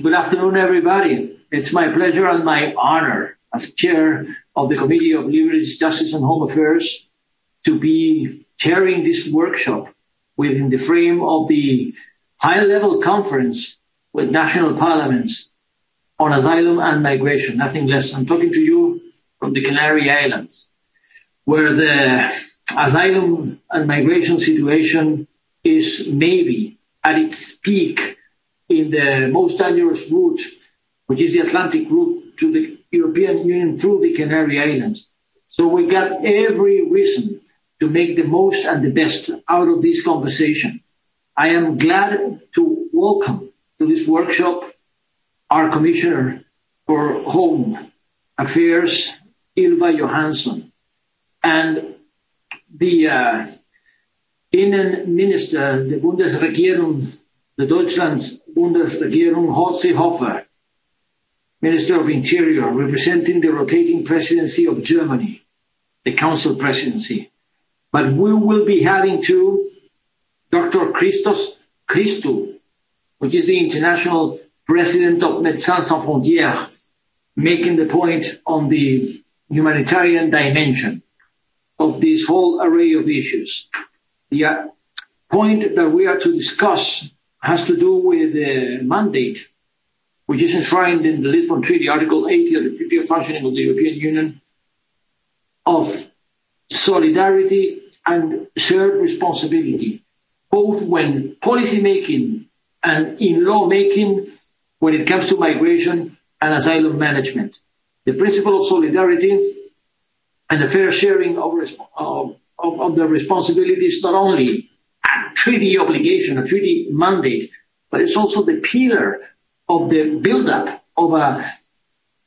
Good afternoon, everybody. It's my pleasure and my honor as chair of the Committee of Liberties, Justice and Home Affairs to be chairing this workshop within the frame of the high level conference with national parliaments on asylum and migration, nothing less. I'm talking to you from the Canary Islands, where the asylum and migration situation is maybe at its peak in the most dangerous route, which is the Atlantic route to the European Union through the Canary Islands. So we got every reason to make the most and the best out of this conversation. I am glad to welcome to this workshop our Commissioner for Home Affairs, Ilva Johansson, and the uh, Innen Minister, the Bundesregierung, the Deutschland's Bundesregierung Horst Hofer, Minister of Interior, representing the rotating presidency of Germany, the Council presidency. But we will be having to Dr. Christos Christou, which is the international president of Médecins Sans Frontières, making the point on the humanitarian dimension of this whole array of issues. The uh, point that we are to discuss has to do with the uh, mandate, which is enshrined in the Lisbon Treaty, Article 80 of the Treaty of Functioning of the European Union, of solidarity and shared responsibility, both when policy making and in law making, when it comes to migration and asylum management. The principle of solidarity and the fair sharing of, of, of the responsibilities not only and treaty obligation, a treaty mandate, but it's also the pillar of the build-up of a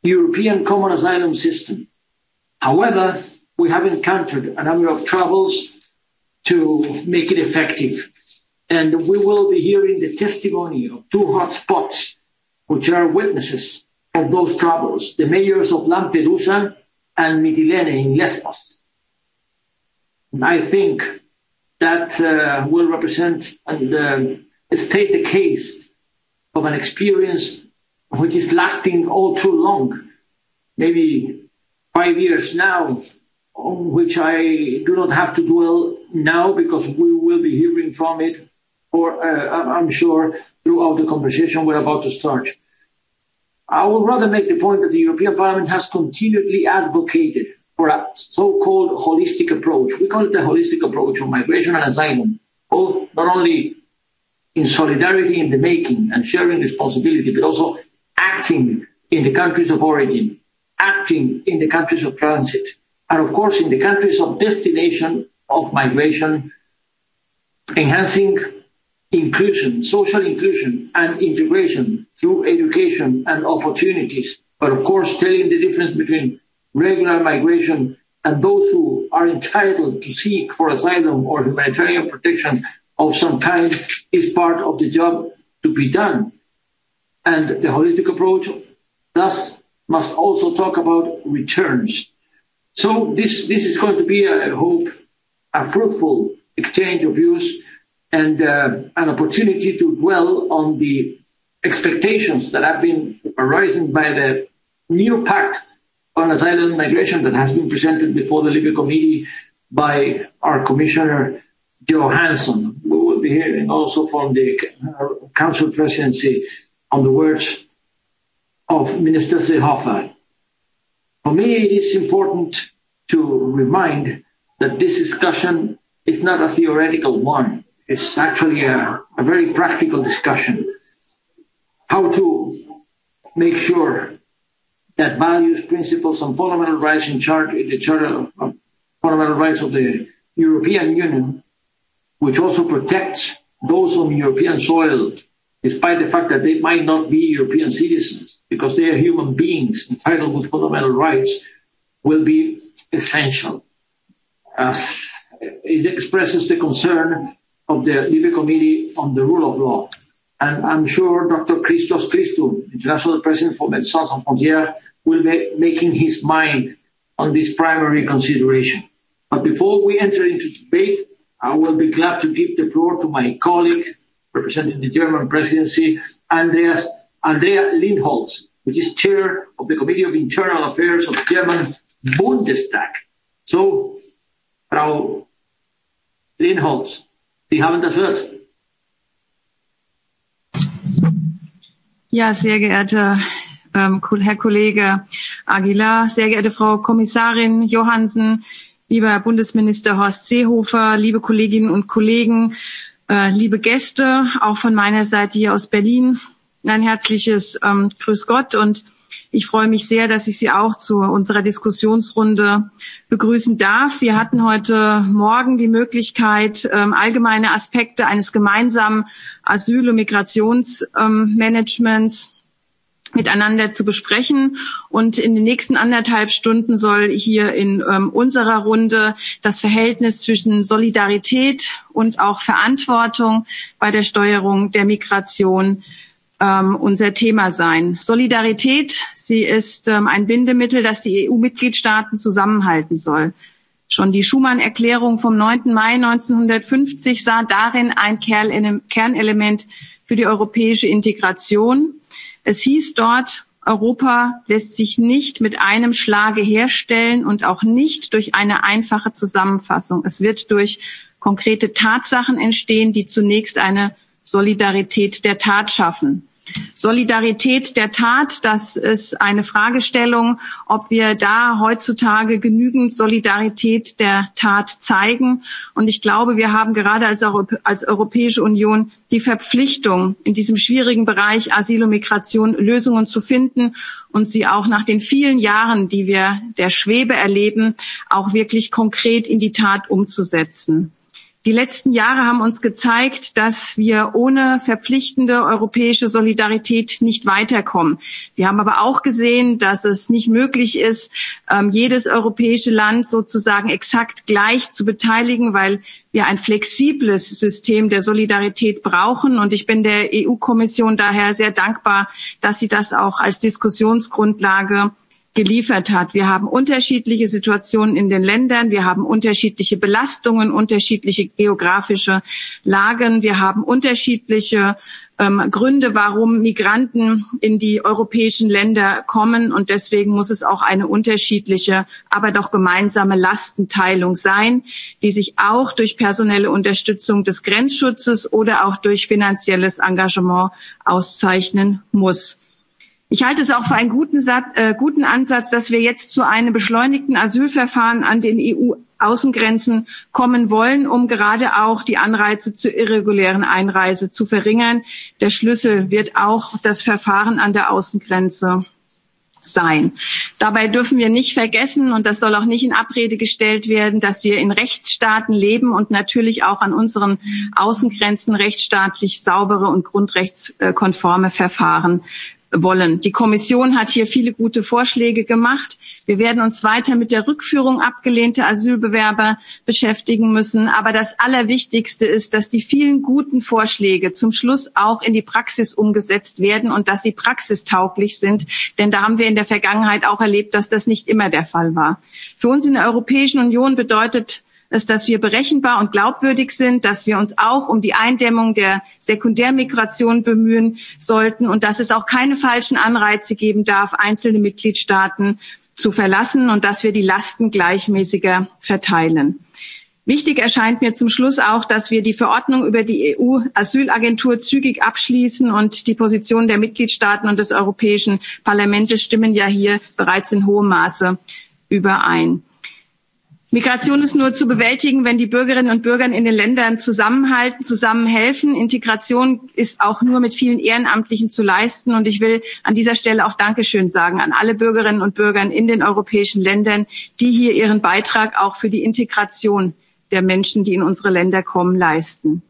European common asylum system. However, we have encountered a number of troubles to make it effective. And we will be hearing the testimony of two hotspots, which are witnesses of those troubles, the mayors of Lampedusa and Mitilene in Lesbos. And I think that uh, will represent and uh, state the case of an experience which is lasting all too long, maybe five years now, on which I do not have to dwell now because we will be hearing from it, or uh, I'm sure throughout the conversation we're about to start. I would rather make the point that the European Parliament has continually advocated for a so-called holistic approach. We call it the holistic approach of migration and asylum, both not only in solidarity in the making and sharing responsibility, but also acting in the countries of origin, acting in the countries of transit, and of course in the countries of destination of migration, enhancing inclusion, social inclusion and integration through education and opportunities, but of course telling the difference between regular migration and those who are entitled to seek for asylum or humanitarian protection of some kind is part of the job to be done. And the holistic approach thus must also talk about returns. So this, this is going to be, I hope, a fruitful exchange of views and uh, an opportunity to dwell on the expectations that have been arising by the new pact on asylum and migration that has been presented before the Libya Committee by our Commissioner Johansson. We will be hearing also from the Council Presidency on the words of Minister Seehofer. For me, it is important to remind that this discussion is not a theoretical one. It's actually a, a very practical discussion. How to make sure that values, principles, and fundamental rights in charter, the Charter of Fundamental Rights of the European Union, which also protects those on European soil, despite the fact that they might not be European citizens, because they are human beings entitled with fundamental rights, will be essential. As it expresses the concern of the Libya Committee on the rule of law. And I'm sure Dr. Christos Christou, International President for Médecins Sans Frontières, will be making his mind on this primary consideration. But before we enter into debate, I will be glad to give the floor to my colleague representing the German presidency, Andreas, Andrea Lindholz, which is chair of the Committee of Internal Affairs of the German Bundestag. So, Frau Lindholz, Sie haben das Wort. Ja, sehr geehrter ähm, Herr Kollege Aguilar, sehr geehrte Frau Kommissarin Johansen, lieber Herr Bundesminister Horst Seehofer, liebe Kolleginnen und Kollegen, äh, liebe Gäste, auch von meiner Seite hier aus Berlin, ein herzliches ähm, Grüß Gott und äh, Ich freue mich sehr, dass ich Sie auch zu unserer Diskussionsrunde begrüßen darf. Wir hatten heute Morgen die Möglichkeit, ähm, allgemeine Aspekte eines gemeinsamen Asyl- und Migrationsmanagements ähm, miteinander zu besprechen. Und in den nächsten anderthalb Stunden soll hier in ähm, unserer Runde das Verhältnis zwischen Solidarität und auch Verantwortung bei der Steuerung der Migration äh, ähm, unser Thema sein. Solidarität, sie ist ähm, ein Bindemittel, das die EU-Mitgliedstaaten zusammenhalten soll. Schon die Schumann-Erklärung vom 9. Mai 1950 sah darin ein Kernelement für die europäische Integration. Es hieß dort, Europa lässt sich nicht mit einem Schlage herstellen und auch nicht durch eine einfache Zusammenfassung. Es wird durch konkrete Tatsachen entstehen, die zunächst eine Solidarität der Tat schaffen. Solidarität der Tat, das ist eine Fragestellung, ob wir da heutzutage genügend Solidarität der Tat zeigen. Und ich glaube, wir haben gerade als, Europ als Europäische Union die Verpflichtung, in diesem schwierigen Bereich Asyl und Migration Lösungen zu finden und sie auch nach den vielen Jahren, die wir der Schwebe erleben, auch wirklich konkret in die Tat umzusetzen. Die letzten Jahre haben uns gezeigt, dass wir ohne verpflichtende europäische Solidarität nicht weiterkommen. Wir haben aber auch gesehen, dass es nicht möglich ist, ähm, jedes europäische Land sozusagen exakt gleich zu beteiligen, weil wir ein flexibles System der Solidarität brauchen. Und ich bin der EU-Kommission daher sehr dankbar, dass sie das auch als Diskussionsgrundlage geliefert hat. Wir haben unterschiedliche Situationen in den Ländern. Wir haben unterschiedliche Belastungen, unterschiedliche geografische Lagen. Wir haben unterschiedliche ähm, Gründe, warum Migranten in die europäischen Länder kommen. Und deswegen muss es auch eine unterschiedliche, aber doch gemeinsame Lastenteilung sein, die sich auch durch personelle Unterstützung des Grenzschutzes oder auch durch finanzielles Engagement auszeichnen muss. Ich halte es auch für einen guten, Sat äh, guten Ansatz, dass wir jetzt zu einem beschleunigten Asylverfahren an den EU-Außengrenzen kommen wollen, um gerade auch die Anreize zur irregulären Einreise zu verringern. Der Schlüssel wird auch das Verfahren an der Außengrenze sein. Dabei dürfen wir nicht vergessen, und das soll auch nicht in Abrede gestellt werden, dass wir in Rechtsstaaten leben und natürlich auch an unseren Außengrenzen rechtsstaatlich saubere und grundrechtskonforme Verfahren wollen. Die Kommission hat hier viele gute Vorschläge gemacht. Wir werden uns weiter mit der Rückführung abgelehnter Asylbewerber beschäftigen müssen. Aber das Allerwichtigste ist, dass die vielen guten Vorschläge zum Schluss auch in die Praxis umgesetzt werden und dass sie praxistauglich sind. Denn da haben wir in der Vergangenheit auch erlebt, dass das nicht immer der Fall war. Für uns in der Europäischen Union bedeutet dass, dass wir berechenbar und glaubwürdig sind, dass wir uns auch um die Eindämmung der Sekundärmigration bemühen sollten und dass es auch keine falschen Anreize geben darf, einzelne Mitgliedstaaten zu verlassen und dass wir die Lasten gleichmäßiger verteilen. Wichtig erscheint mir zum Schluss auch, dass wir die Verordnung über die EU-Asylagentur zügig abschließen und die Position der Mitgliedstaaten und des Europäischen Parlaments stimmen ja hier bereits in hohem Maße überein. Migration ist nur zu bewältigen, wenn die Bürgerinnen und Bürger in den Ländern zusammenhalten, zusammenhelfen. Integration ist auch nur mit vielen Ehrenamtlichen zu leisten. Und ich will an dieser Stelle auch Dankeschön sagen an alle Bürgerinnen und Bürger in den europäischen Ländern, die hier ihren Beitrag auch für die Integration der Menschen, die in unsere Länder kommen, leisten.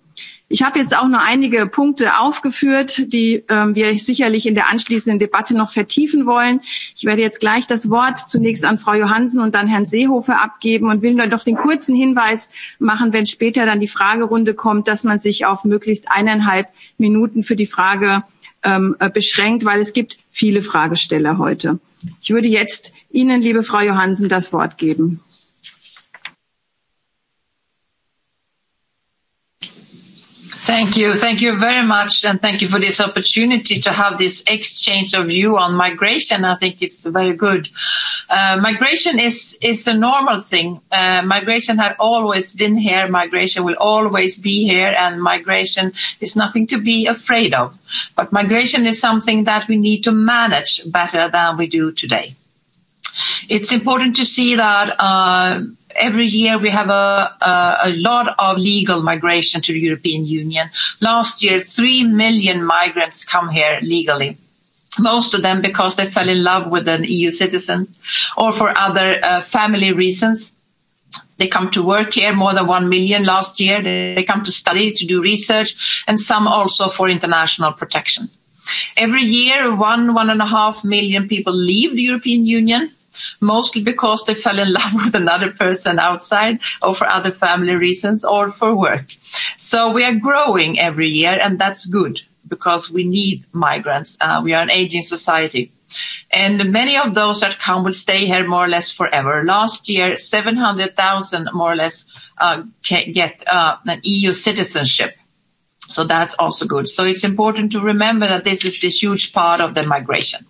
Ich habe jetzt auch nur einige Punkte aufgeführt, die äh, wir sicherlich in der anschließenden Debatte noch vertiefen wollen. Ich werde jetzt gleich das Wort zunächst an Frau Johansen und dann Herrn Seehofer abgeben und will nur noch den kurzen Hinweis machen, wenn später dann die Fragerunde kommt, dass man sich auf möglichst eineinhalb Minuten für die Frage ähm, äh, beschränkt, weil es gibt viele Fragesteller heute. Ich würde jetzt Ihnen, liebe Frau Johansen, das Wort geben. Thank you. Thank you very much. And thank you for this opportunity to have this exchange of view on migration. I think it's very good. Uh, migration is, is a normal thing. Uh, migration has always been here. Migration will always be here. And migration is nothing to be afraid of. But migration is something that we need to manage better than we do today. It's important to see that uh, every year we have a, a, a lot of legal migration to the European Union. Last year, three million migrants come here legally. Most of them because they fell in love with an EU citizen or for other uh, family reasons. They come to work here more than one million last year. They, they come to study, to do research and some also for international protection. Every year, one, one and a half million people leave the European Union mostly because they fell in love with another person outside or for other family reasons or for work. So we are growing every year and that's good because we need migrants. Uh, we are an aging society. And many of those that come will stay here more or less forever. Last year, 700,000 more or less uh, can get uh, an EU citizenship. So that's also good. So it's important to remember that this is the huge part of the migration.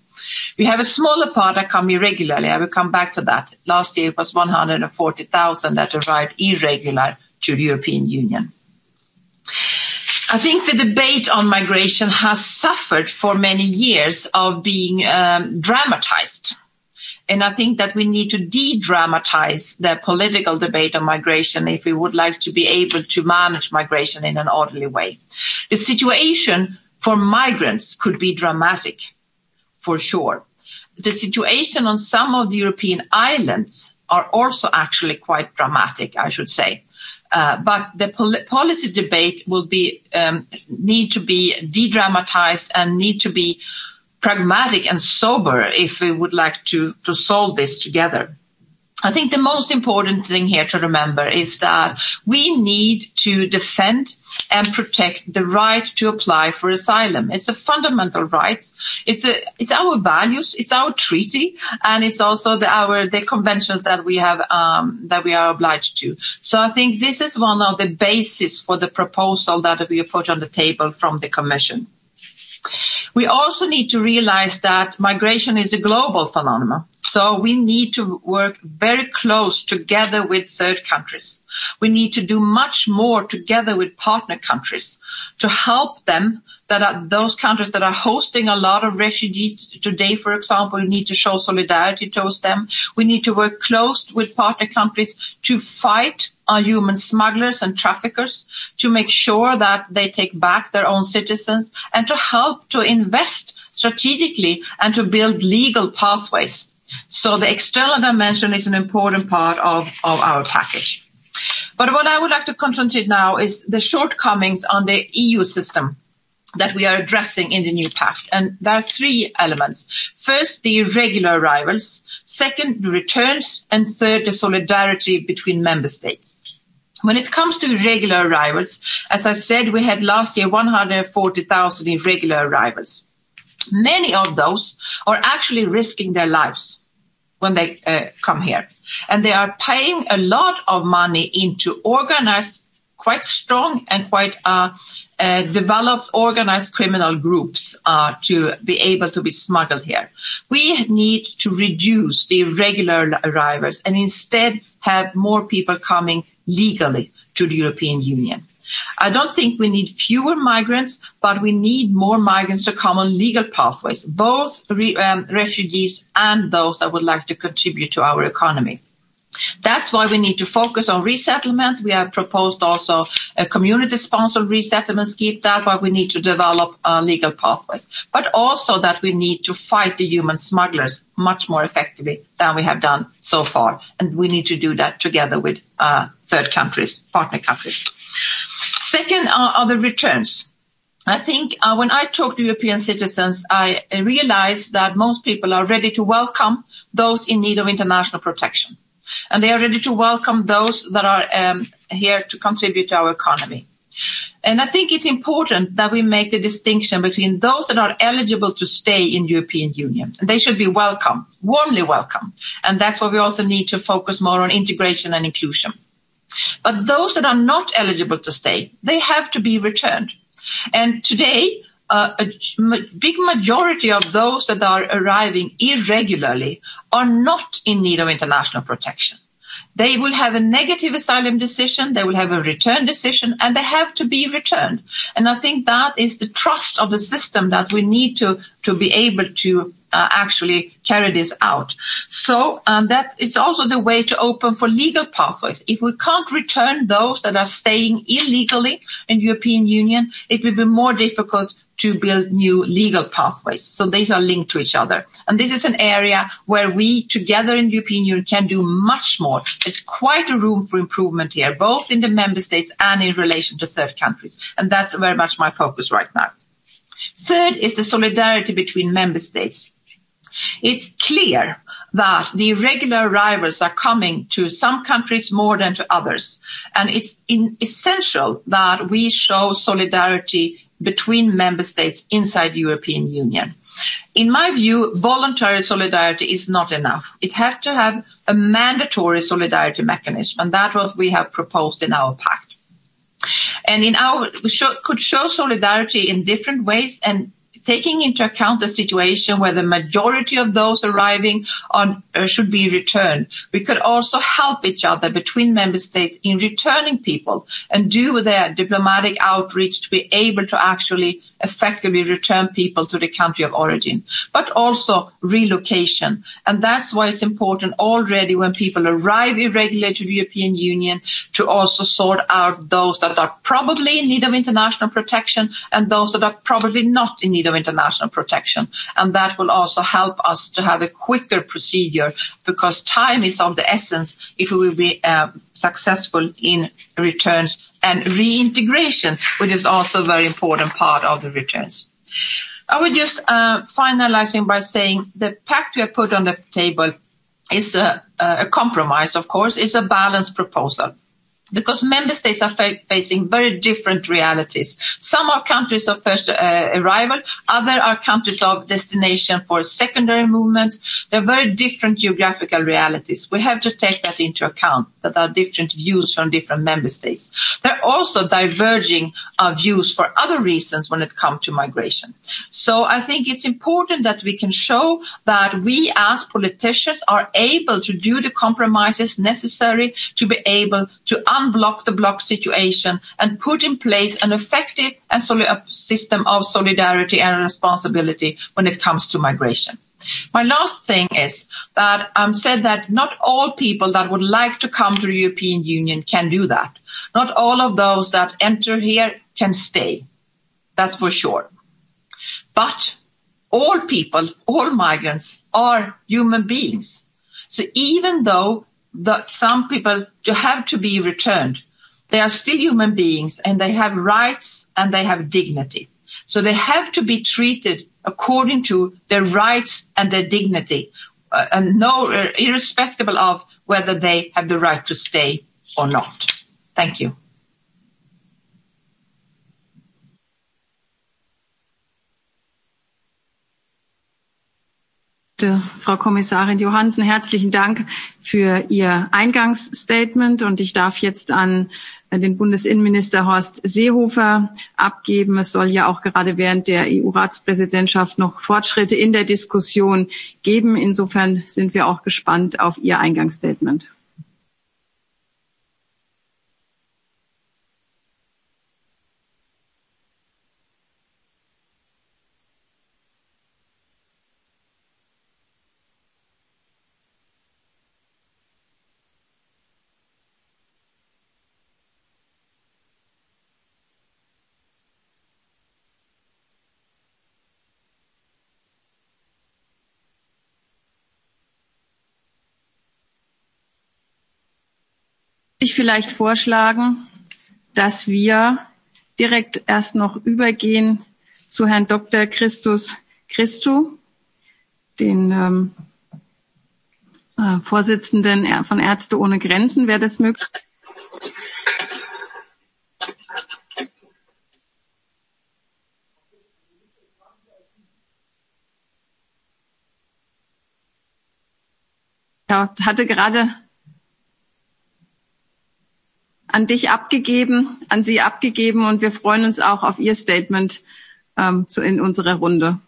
We have a smaller part that come irregularly. I will come back to that. Last year, it was 140,000 that arrived irregular to the European Union. I think the debate on migration has suffered for many years of being um, dramatized, and I think that we need to de-dramatize the political debate on migration if we would like to be able to manage migration in an orderly way. The situation for migrants could be dramatic for sure. The situation on some of the European islands are also actually quite dramatic, I should say. Uh, but the pol- policy debate will be um, need to be de-dramatized and need to be pragmatic and sober if we would like to, to solve this together. I think the most important thing here to remember is that we need to defend and protect the right to apply for asylum. It's a fundamental right. It's, a, it's our values. It's our treaty. And it's also the, our, the conventions that we have, um, that we are obliged to. So I think this is one of the basis for the proposal that we have put on the table from the commission. We also need to realize that migration is a global phenomenon. So we need to work very close together with third countries. We need to do much more together with partner countries to help them that are those countries that are hosting a lot of refugees today, for example, we need to show solidarity towards them. We need to work close with partner countries to fight on human smugglers and traffickers to make sure that they take back their own citizens and to help to invest strategically and to build legal pathways. So the external dimension is an important part of, of our package. But what I would like to concentrate now is the shortcomings on the EU system that we are addressing in the new pact. And there are three elements. First, the irregular arrivals. Second, the returns. And third, the solidarity between member states. When it comes to regular arrivals, as I said, we had last year 140,000 in regular arrivals. Many of those are actually risking their lives when they uh, come here, and they are paying a lot of money into organized quite strong and quite uh, uh, developed organized criminal groups uh, to be able to be smuggled here. We need to reduce the irregular arrivals and instead have more people coming legally to the European Union. I don't think we need fewer migrants, but we need more migrants to come on legal pathways, both re- um, refugees and those that would like to contribute to our economy. That's why we need to focus on resettlement. We have proposed also a community sponsored resettlement scheme. That's why we need to develop uh, legal pathways. But also that we need to fight the human smugglers much more effectively than we have done so far. And we need to do that together with uh, third countries, partner countries. Second uh, are the returns. I think uh, when I talk to European citizens, I realize that most people are ready to welcome those in need of international protection and they are ready to welcome those that are um, here to contribute to our economy. And I think it's important that we make the distinction between those that are eligible to stay in European Union. They should be welcome, warmly welcome. And that's why we also need to focus more on integration and inclusion. But those that are not eligible to stay, they have to be returned. And today, a, a big majority of those that are arriving irregularly are not in need of international protection. They will have a negative asylum decision, they will have a return decision, and they have to be returned. And I think that is the trust of the system that we need to, to be able to uh, actually carry this out. So um, that it's also the way to open for legal pathways. If we can't return those that are staying illegally in European Union, it will be more difficult to build new legal pathways. These are linked to each other. This is an area where we together in European Union can do much more. There's quite a room for improvement here, both in the member states and in relation to third countries, and that's very much my focus right now. Third is the solidarity between member states. It's clear that the irregular arrivals are coming to some countries more than to others, and it's essential that we show solidarity between member states inside the European Union. In my view, voluntary solidarity is not enough. It has to have a mandatory solidarity mechanism, and that's what we have proposed in our pact. And in our, we should, could show solidarity in different ways and taking into account the situation where the majority of those arriving on, uh, should be returned. We could also help each other between member states in returning people and do their diplomatic outreach to be able to actually effectively return people to the country of origin, but also relocation. And that's why it's important already when people arrive irregularly to the European Union to also sort out those that are probably in need of international protection and those that are probably not in need of of international protection. And that will also help us to have a quicker procedure because time is of the essence if we will be uh, successful in returns and reintegration, which is also a very important part of the returns. I would just uh, finalizing by saying the pact we have put on the table is a, a compromise, of course, it's a balanced proposal because member states are fa- facing very different realities. Some are countries of first uh, arrival, other are countries of destination for secondary movements. They're very different geographical realities. We have to take that into account that there are different views from different member states. They're also diverging uh, views for other reasons when it comes to migration. So I think it's important that we can show that we as politicians are able to do the compromises necessary to be able to understand unblock the block situation and put in place an effective and solid system of solidarity and responsibility when it comes to migration. My last thing is that I um, said that not all people that would like to come to the European Union can do that. Not all of those that enter here can stay. That's for sure. But all people, all migrants are human beings. So even though that some people have to be returned. They are still human beings and they have rights and they have dignity. So they have to be treated according to their rights and their dignity, uh, and no, uh, irrespective of whether they have the right to stay or not. Thank you. möchte Frau Kommissarin Johansen herzlichen Dank für Ihr Eingangsstatement und ich darf jetzt an den Bundesinnenminister Horst Seehofer abgeben. Es soll ja auch gerade während der EU-Ratspräsidentschaft noch Fortschritte in der Diskussion geben. Insofern sind wir auch gespannt auf Ihr Eingangsstatement. ich vielleicht vorschlagen, dass wir direkt erst noch übergehen zu Herrn Dr. Christus Christu, den ähm, äh, Vorsitzenden von Ärzte ohne Grenzen, wäre das möglich. Ich ja, hatte gerade an dich abgegeben, an sie abgegeben und wir freuen uns auch auf ihr Statement ähm, zu, in unserer Runde.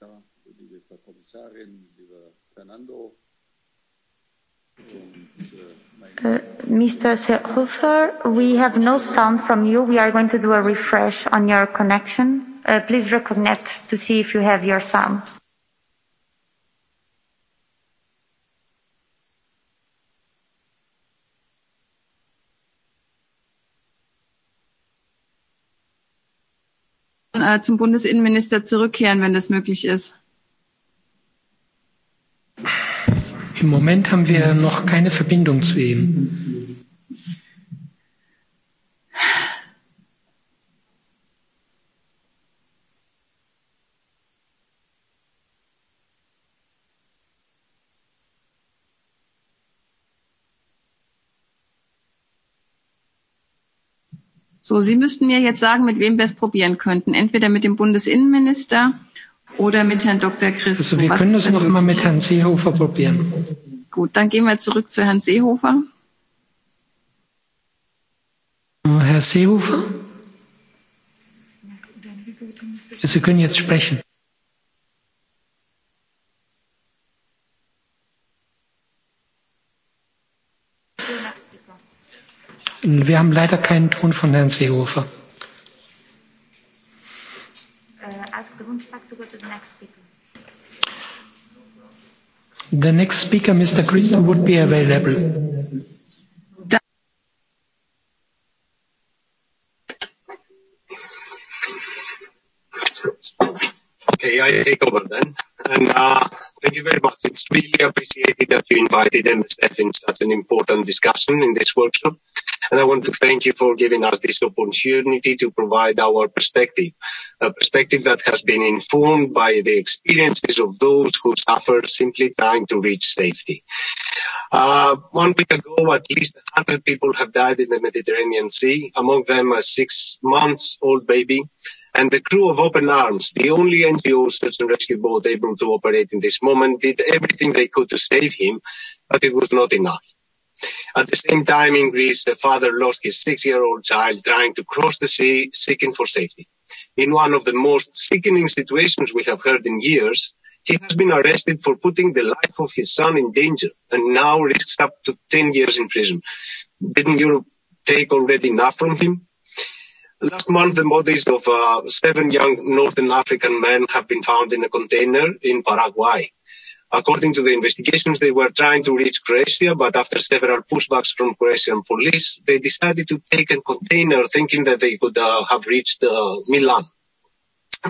Ja, liebe Frau Kommissarin, lieber Fernando. Äh, uh, Mr. Seehofer, we have no sound from you. We are going to do a refresh on your connection. Uh, please reconnect to see if you have your sound. Okay. äh, zum Bundesinnenminister zurückkehren, wenn das möglich ist? Im Moment haben wir noch keine Verbindung zu ihm. So, Sie müssten mir jetzt sagen, mit wem wir es probieren könnten. Entweder mit dem Bundesinnenminister oder mit Herrn Dr. Christ. Also wir können es noch mal mit Herrn Seehofer probieren. Gut, dann gehen wir zurück zu Herrn Seehofer. Äh, Herr Seehofer? Ja, Sie können jetzt sprechen. Wir haben leider keinen Ton von Herrn Seehofer. Äh, The next speaker, Mr. Chris, would be available. Okay, I take over then. And, uh, Thank you very much. It's really appreciated that you invited MSF in such an important discussion in this workshop. And I want to thank you for giving us this opportunity to provide our perspective, a perspective that has been informed by the experiences of those who suffer simply trying to reach safety. Uh, one week ago, at least 100 people have died in the Mediterranean Sea, among them a six-month-old baby, And the crew of Open Arms, the only NGO search and rescue boat able to operate in this moment, did everything they could to save him, but it was not enough. At the same time, in Greece, a father lost his six year old child trying to cross the sea seeking for safety. In one of the most sickening situations we have heard in years, he has been arrested for putting the life of his son in danger and now risks up to 10 years in prison. Didn't Europe take already enough from him? Last month, the bodies of uh, seven young Northern African men have been found in a container in Paraguay. According to the investigations, they were trying to reach Croatia, but after several pushbacks from Croatian police, they decided to take a container thinking that they could uh, have reached uh, Milan.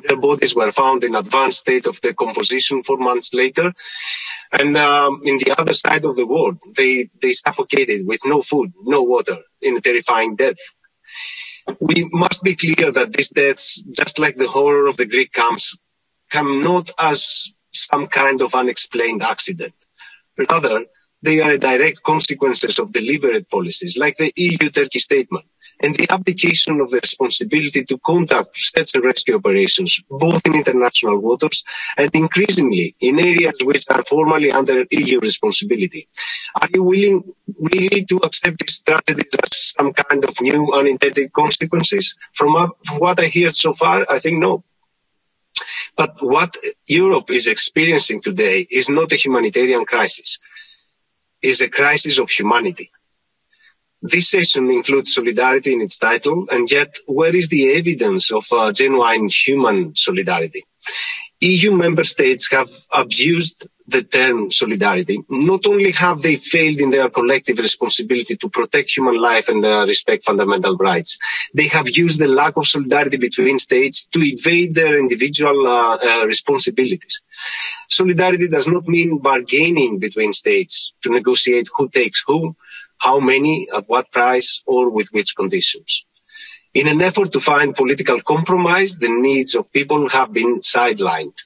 Their bodies were found in advanced state of decomposition four months later. And um, in the other side of the world, they, they suffocated with no food, no water, in a terrifying death we must be clear that these deaths, just like the horror of the Greek camps, come not as some kind of unexplained accident. Rather, they are a direct consequences of deliberate policies like the EU-Turkey statement and the abdication of the responsibility to conduct search and rescue operations, both in international waters and increasingly in areas which are formally under EU responsibility. Are you willing really to accept these strategies as some kind of new unintended consequences? From what I hear so far, I think no. But what Europe is experiencing today is not a humanitarian crisis, it's a crisis of humanity. This session includes solidarity in its title, and yet, where is the evidence of uh, genuine human solidarity? EU member states have abused the term solidarity. Not only have they failed in their collective responsibility to protect human life and uh, respect fundamental rights, they have used the lack of solidarity between states to evade their individual uh, uh, responsibilities. Solidarity does not mean bargaining between states to negotiate who takes who, how many, at what price, or with which conditions. In an effort to find political compromise, the needs of people have been sidelined.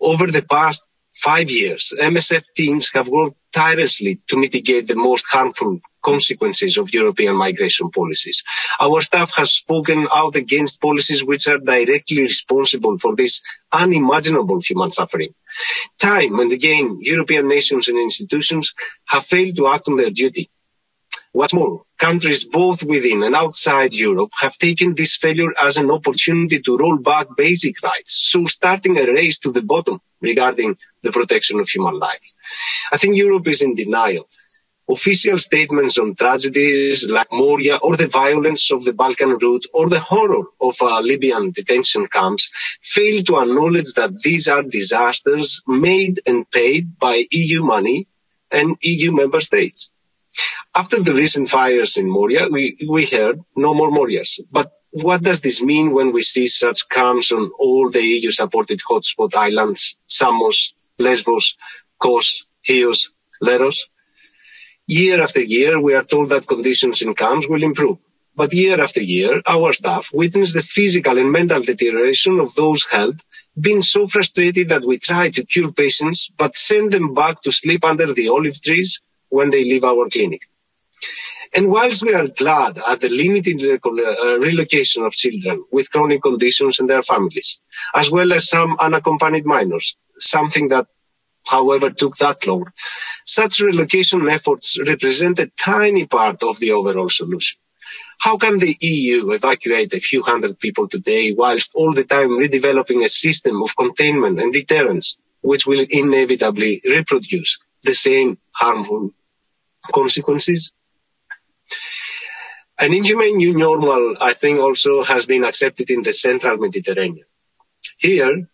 Over the past five years, MSF teams have worked tirelessly to mitigate the most harmful consequences of European migration policies. Our staff has spoken out against policies which are directly responsible for this unimaginable human suffering. Time and again, European nations and institutions have failed to act on their duty What's more, countries both within and outside Europe have taken this failure as an opportunity to roll back basic rights, so starting a race to the bottom regarding the protection of human life. I think Europe is in denial. Official statements on tragedies like Moria or the violence of the Balkan route or the horror of uh, Libyan detention camps fail to acknowledge that these are disasters made and paid by EU money and EU member states. After the recent fires in Moria, we, we heard no more Morias. But what does this mean when we see such camps on all the EU supported hotspot islands, Samos, Lesbos, Kos, Chios, Leros? Year after year, we are told that conditions in camps will improve. But year after year, our staff witness the physical and mental deterioration of those held, being so frustrated that we try to cure patients, but send them back to sleep under the olive trees when they leave our clinic. And whilst we are glad at the limited uh, relocation of children with chronic conditions and their families, as well as some unaccompanied minors, something that, however, took that long, such relocation efforts represent a tiny part of the overall solution. How can the EU evacuate a few hundred people today whilst all the time redeveloping a system of containment and deterrence, which will inevitably reproduce the same harmful consequences. An inhumane new normal, I think, also has been accepted in the central Mediterranean. Here,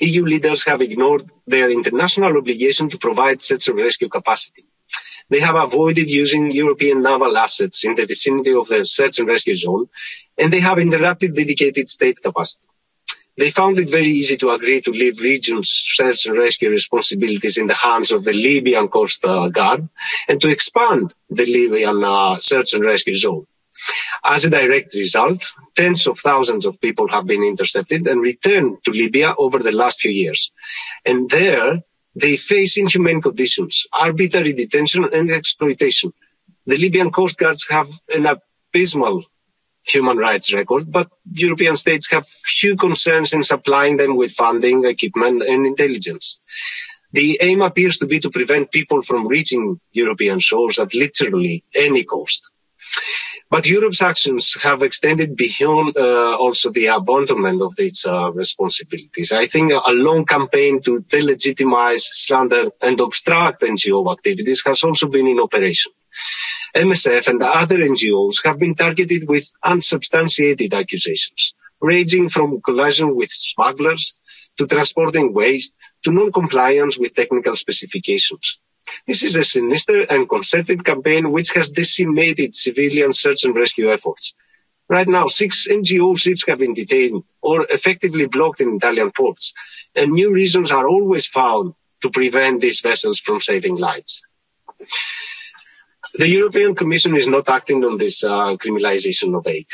EU leaders have ignored their international obligation to provide search and rescue capacity. They have avoided using European naval assets in the vicinity of the search and rescue zone, and they have interrupted dedicated state capacity they found it very easy to agree to leave regional search and rescue responsibilities in the hands of the Libyan Coast uh, Guard and to expand the Libyan uh, search and rescue zone. As a direct result, tens of thousands of people have been intercepted and returned to Libya over the last few years. And there, they face inhumane conditions, arbitrary detention, and exploitation. The Libyan Coast Guards have an abysmal human rights record, but European states have few concerns in supplying them with funding, equipment, and intelligence. The aim appears to be to prevent people from reaching European shores at literally any cost. But Europe's actions have extended beyond uh, also the abandonment of its uh, responsibilities. I think a long campaign to delegitimize, slander, and obstruct NGO activities has also been in operation. MSF and other NGOs have been targeted with unsubstantiated accusations, ranging from collusion with smugglers to transporting waste to non-compliance with technical specifications. This is a sinister and concerted campaign which has decimated civilian search and rescue efforts. Right now, six NGO ships have been detained or effectively blocked in Italian ports, and new reasons are always found to prevent these vessels from saving lives. The European Commission is not acting on this uh, criminalization of aid.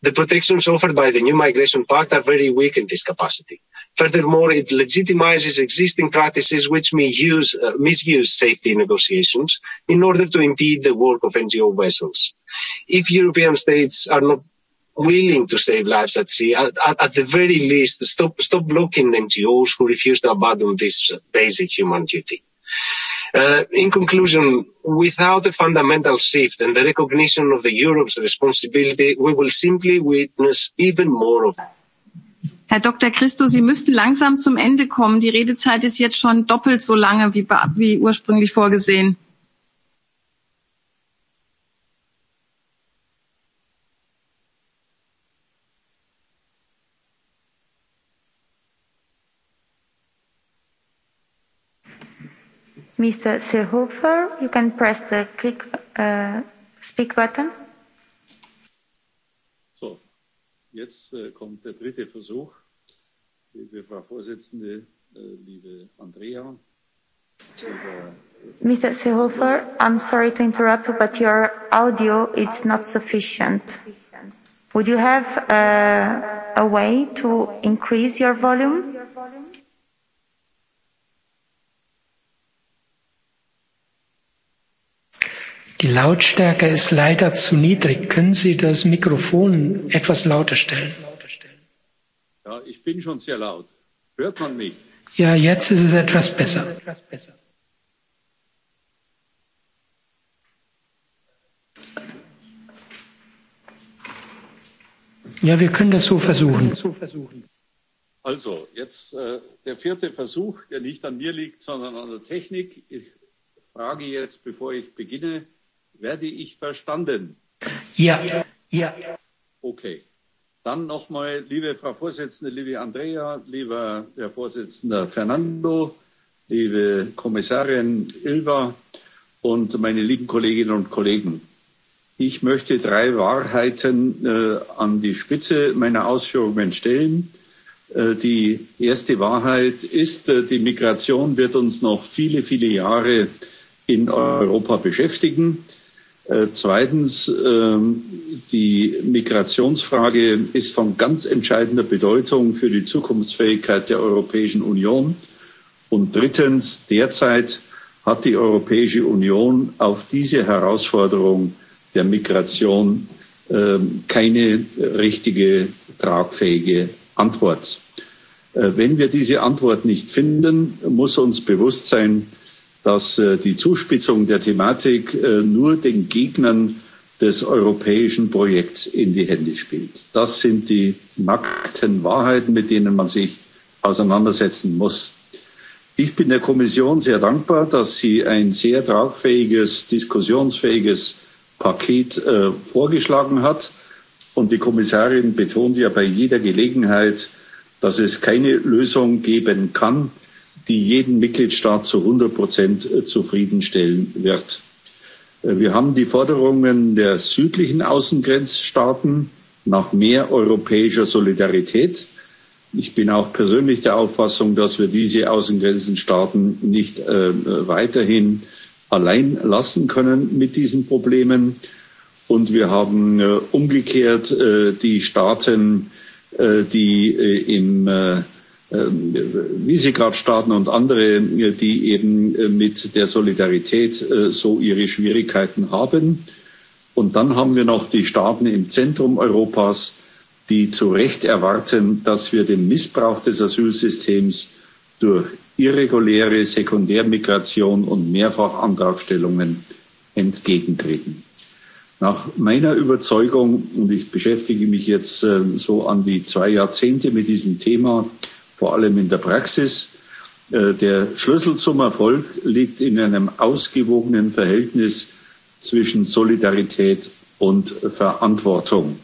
The protections offered by the new migration pact are very weak in this capacity. Furthermore, it legitimizes existing practices which may use, uh, misuse safety negotiations in order to impede the work of NGO vessels. If European states are not willing to save lives at sea, at, at, at the very least, stop, stop blocking NGOs who refuse to abandon this basic human duty. Uh, in conclusion, without a fundamental shift and the recognition of the Europe's responsibility, we will simply witness even more of. Herr Dr. Christo, Sie müssten langsam zum Ende kommen. Die Redezeit ist jetzt schon doppelt so lange wie, wie ursprünglich vorgesehen. Mr. Seehofer, you can press the uh, speak button. So, jetzt äh, kommt der dritte Versuch. Liebe Frau Vorsitzende, äh, liebe Andrea. Mr. Seehofer, I'm sorry to interrupt you, but your audio is not sufficient. Would you have uh, a way to increase your volume? Die Lautstärke ist leider zu niedrig. Können Sie das Mikrofon etwas lauter stellen? Ja, ich bin schon sehr laut. Hört man mich? Ja, jetzt ist es etwas besser. Ja, wir können das so versuchen. Also, jetzt äh, der vierte Versuch, der nicht an mir liegt, sondern an der Technik. Ich frage jetzt, bevor ich beginne, Werde ich verstanden? Ja, ja. Okay. Dann nochmal, liebe Frau Vorsitzende, liebe Andrea, lieber Herr Vorsitzender Fernando, liebe Kommissarin Ilva und meine lieben Kolleginnen und Kollegen. Ich möchte drei Wahrheiten äh, an die Spitze meiner Ausführungen stellen. Äh, die erste Wahrheit ist, äh, die Migration wird uns noch viele, viele Jahre in Europa beschäftigen. Äh, Äh, zweitens, ähm, die Migrationsfrage ist von ganz entscheidender Bedeutung für die Zukunftsfähigkeit der Europäischen Union. Und drittens, derzeit hat die Europäische Union auf diese Herausforderung der Migration ähm, keine richtige tragfähige Antwort. Äh, wenn wir diese Antwort nicht finden, muss uns bewusst sein, dass äh, die Zuspitzung der Thematik äh, nur den Gegnern des europäischen Projekts in die Hände spielt. Das sind die nackten Wahrheiten, mit denen man sich auseinandersetzen muss. Ich bin der Kommission sehr dankbar, dass sie ein sehr tragfähiges, diskussionsfähiges Paket äh, vorgeschlagen hat. Und die Kommissarin betont ja bei jeder Gelegenheit, dass es keine Lösung geben kann, die jeden Mitgliedstaat zu 100 Prozent zufriedenstellen wird. Äh, wir haben die Forderungen der südlichen Außengrenzstaaten nach mehr europäischer Solidarität. Ich bin auch persönlich der Auffassung, dass wir diese Außengrenzenstaaten nicht äh, weiterhin allein lassen können mit diesen Problemen. Und wir haben äh, umgekehrt äh, die Staaten, äh, die äh, im äh, Visegrad-Staaten ähm, und andere, äh, die eben äh, mit der Solidarität äh, so ihre Schwierigkeiten haben. Und dann haben wir noch die Staaten im Zentrum Europas, die zu Recht erwarten, dass wir den Missbrauch des Asylsystems durch irreguläre Sekundärmigration und Mehrfachantragstellungen entgegentreten. Nach meiner Überzeugung, und ich beschäftige mich jetzt so an die zwei Jahrzehnte mit diesem Thema, vor allem in der Praxis. Äh, der Schlüssel zum Erfolg liegt in einem ausgewogenen Verhältnis zwischen Solidarität und Verantwortung.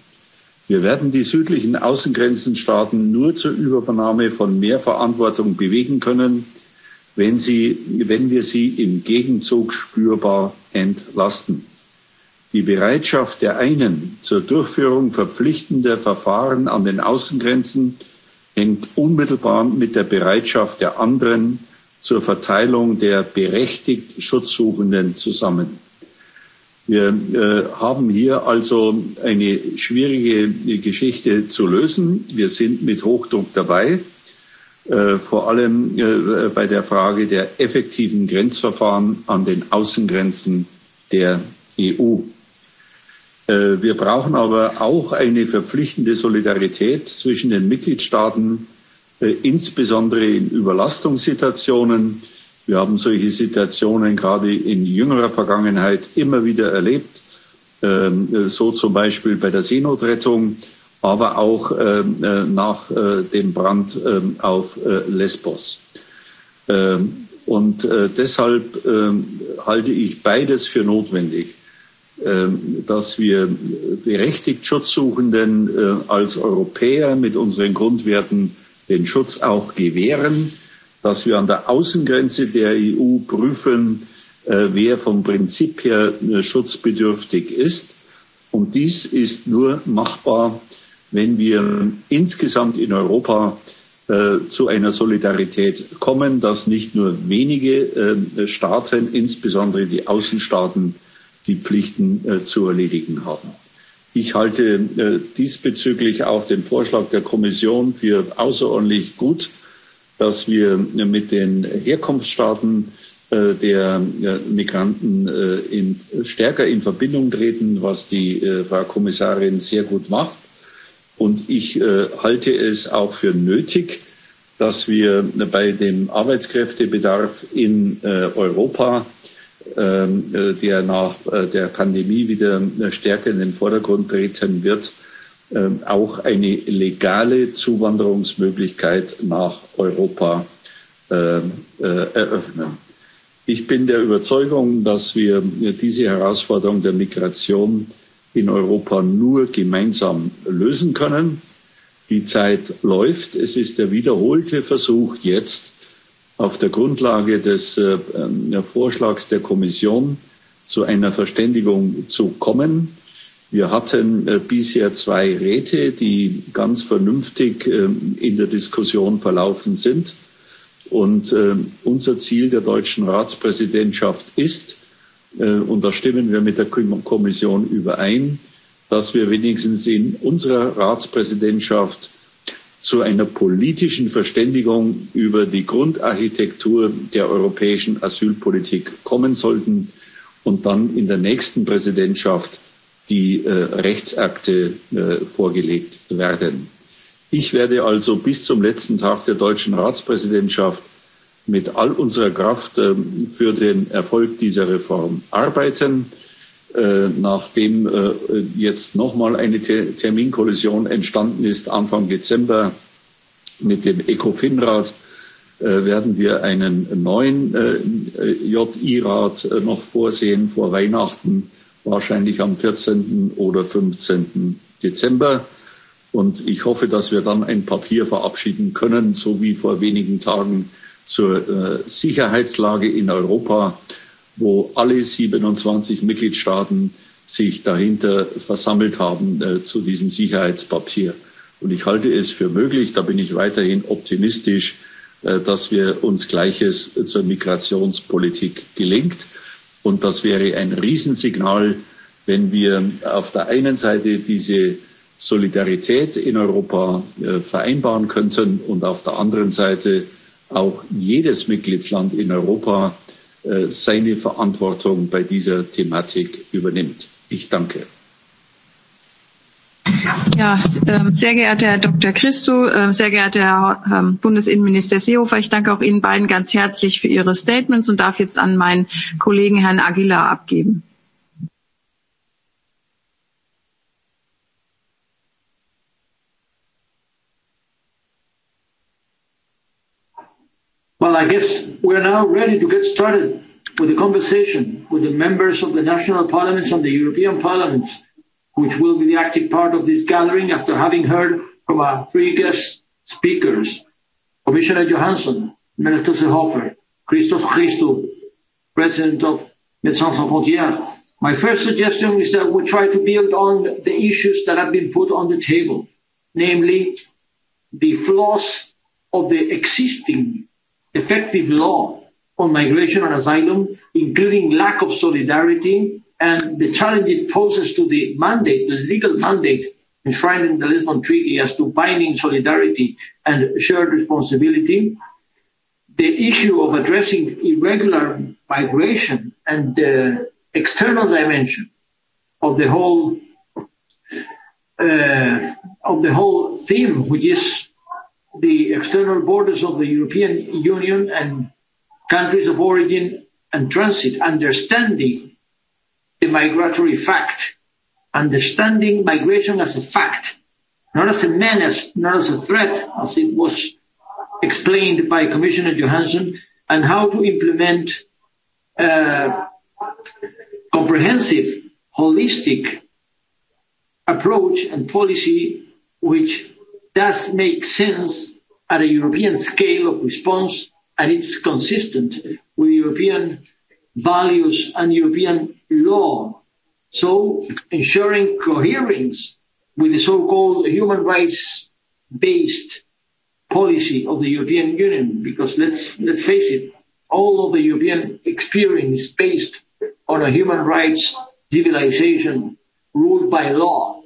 Wir werden die südlichen Außengrenzenstaaten nur zur Übernahme von mehr Verantwortung bewegen können, wenn, sie, wenn wir sie im Gegenzug spürbar entlasten. Die Bereitschaft der einen zur Durchführung verpflichtender Verfahren an den Außengrenzen hängt unmittelbar mit der Bereitschaft der anderen zur Verteilung der berechtigt Schutzsuchenden zusammen. Wir äh, haben hier also eine schwierige Geschichte zu lösen. Wir sind mit Hochdruck dabei, äh, vor allem äh, bei der Frage der effektiven Grenzverfahren an den Außengrenzen der EU. Äh, wir brauchen aber auch eine verpflichtende Solidarität zwischen den Mitgliedstaaten, äh, insbesondere in Überlastungssituationen. Wir haben solche Situationen gerade in jüngerer Vergangenheit immer wieder erlebt, ähm, äh, so zum Beispiel bei der Seenotrettung, aber auch ähm, nach dem Brand ähm, auf Lesbos. Und deshalb halte ich beides für notwendig. Ähm, dass wir berechtigt Schutzsuchenden äh, als Europäer mit unseren Grundwerten den Schutz auch gewähren, dass wir an der Außengrenze der EU prüfen, äh, wer vom Prinzip her äh, schutzbedürftig ist. Und dies ist nur machbar, wenn wir insgesamt in Europa zu einer Solidarität kommen, dass nicht nur wenige Staaten, insbesondere die Außenstaaten, die Pflichten äh, zu erledigen haben. Ich halte äh, diesbezüglich auch den Vorschlag der Kommission für außerordentlich gut, dass wir äh, mit den Herkunftsstaaten äh, der äh, Migranten äh, in, stärker in Verbindung treten, was die äh, Frau Kommissarin sehr gut macht. Und ich äh, halte es auch für nötig, dass wir äh, bei dem Arbeitskräftebedarf in äh, Europa äh, Ähm, der nach äh, der Pandemie wieder äh, stärker in den Vordergrund treten wird, ähm, auch eine legale Zuwanderungsmöglichkeit nach Europa ähm, äh, eröffnen. Ich bin der Überzeugung, dass wir diese Herausforderung der Migration in Europa nur gemeinsam lösen können. Die Zeit läuft. Es ist der wiederholte Versuch jetzt, auf der Grundlage des äh, der ähm, ja, Vorschlags der Kommission zu einer Verständigung zu kommen. Wir hatten äh, bisher zwei Räte, die ganz vernünftig äh, in der Diskussion verlaufen sind. Und äh, unser Ziel der deutschen Ratspräsidentschaft ist, äh, und da stimmen wir mit der Kommission überein, dass wir wenigstens in unserer Ratspräsidentschaft äh, zu einer politischen Verständigung über die Grundarchitektur der europäischen Asylpolitik kommen sollten und dann in der nächsten Präsidentschaft die äh, Rechtsakte äh, vorgelegt werden. Ich werde also bis zum letzten Tag der deutschen Ratspräsidentschaft mit all unserer Kraft äh, für den Erfolg dieser Reform arbeiten. Äh, Äh, nachdem äh, jetzt nochmal eine Te Terminkollision entstanden ist, Anfang Dezember mit dem ECOFIN-Rat, äh, werden wir einen neuen äh, JI-Rat äh, noch vorsehen vor Weihnachten, wahrscheinlich am 14. oder 15. Dezember. Und ich hoffe, dass wir dann ein Papier verabschieden können, so wie vor wenigen Tagen zur äh, Sicherheitslage in Europa äh, wo alle 27 Mitgliedstaaten sich dahinter versammelt haben äh, zu diesem Sicherheitspapier. Und ich halte es für möglich, da bin ich weiterhin optimistisch, äh, dass wir uns Gleiches zur Migrationspolitik gelingt. Und das wäre ein Riesensignal, wenn wir auf der einen Seite diese Solidarität in Europa äh, vereinbaren könnten und auf der anderen Seite auch jedes Mitgliedsland in Europa äh, Eh, seine Verantwortung bei dieser Thematik übernimmt. Ich danke. Ja, ähm, sehr geehrter Herr Dr. Christou, ähm, sehr geehrter Herr ähm, Bundesinnenminister Seehofer, ich danke auch Ihnen beiden ganz herzlich für Ihre Statements und darf jetzt an meinen Kollegen Herrn Aguilar abgeben. Well, I guess we are now ready to get started with the conversation with the members of the national parliaments and the European parliaments, which will be the active part of this gathering after having heard from our three guest speakers, Commissioner Johansson, Minister Sehofer, Christos Christou, President of Médecins Sans Frontières. My first suggestion is that we try to build on the issues that have been put on the table, namely the flaws of the existing effective law on migration and asylum, including lack of solidarity and the challenge it poses to the mandate, the legal mandate enshrined in the Lisbon Treaty as to binding solidarity and shared responsibility, the issue of addressing irregular migration and the external dimension of the whole uh, of the whole theme, which is the external borders of the European Union and countries of origin and transit, understanding the migratory fact, understanding migration as a fact, not as a menace, not as a threat, as it was explained by Commissioner Johansson, and how to implement uh, comprehensive, holistic approach and policy which does make sense at a European scale of response and it's consistent with European values and European law. So ensuring coherence with the so-called human rights-based policy of the European Union, because let's, let's face it, all of the European experience is based on a human rights civilization ruled by law.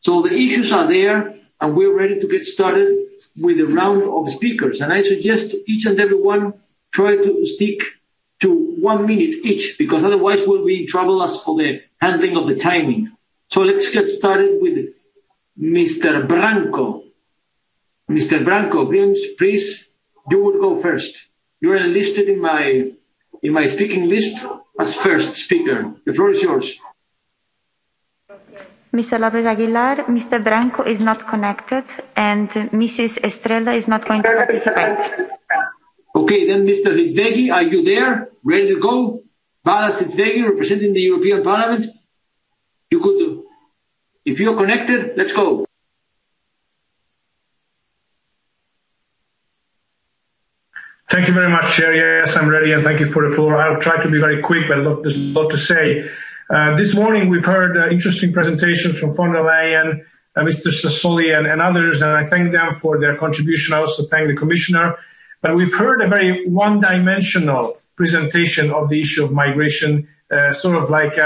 So the issues are there and we're ready to get started with a round of speakers. And I suggest each and every one try to stick to one minute each, because otherwise we'll be in trouble as for the handling of the timing. So let's get started with Mr. Branco. Mr. Branco, please, you will go first. You're enlisted in my, in my speaking list as first speaker. The floor is yours. Mr. Lopez Aguilar, Mr. Branco is not connected, and Mrs. Estrella is not going to participate. Okay, then Mr. Litvegi, are you there? Ready to go? Balas Litvegi, representing the European Parliament. You could, uh, if you're connected, let's go. Thank you very much, Chair. Yes, I'm ready, and thank you for the floor. I'll try to be very quick, but there's a lot to say. Uh, this morning we've heard uh, interesting presentations from von der Leyen, uh, Mr. Sassoli and, and others, and I thank them for their contribution. I also thank the commissioner. But we've heard a very one-dimensional presentation of the issue of migration, uh, sort of like uh,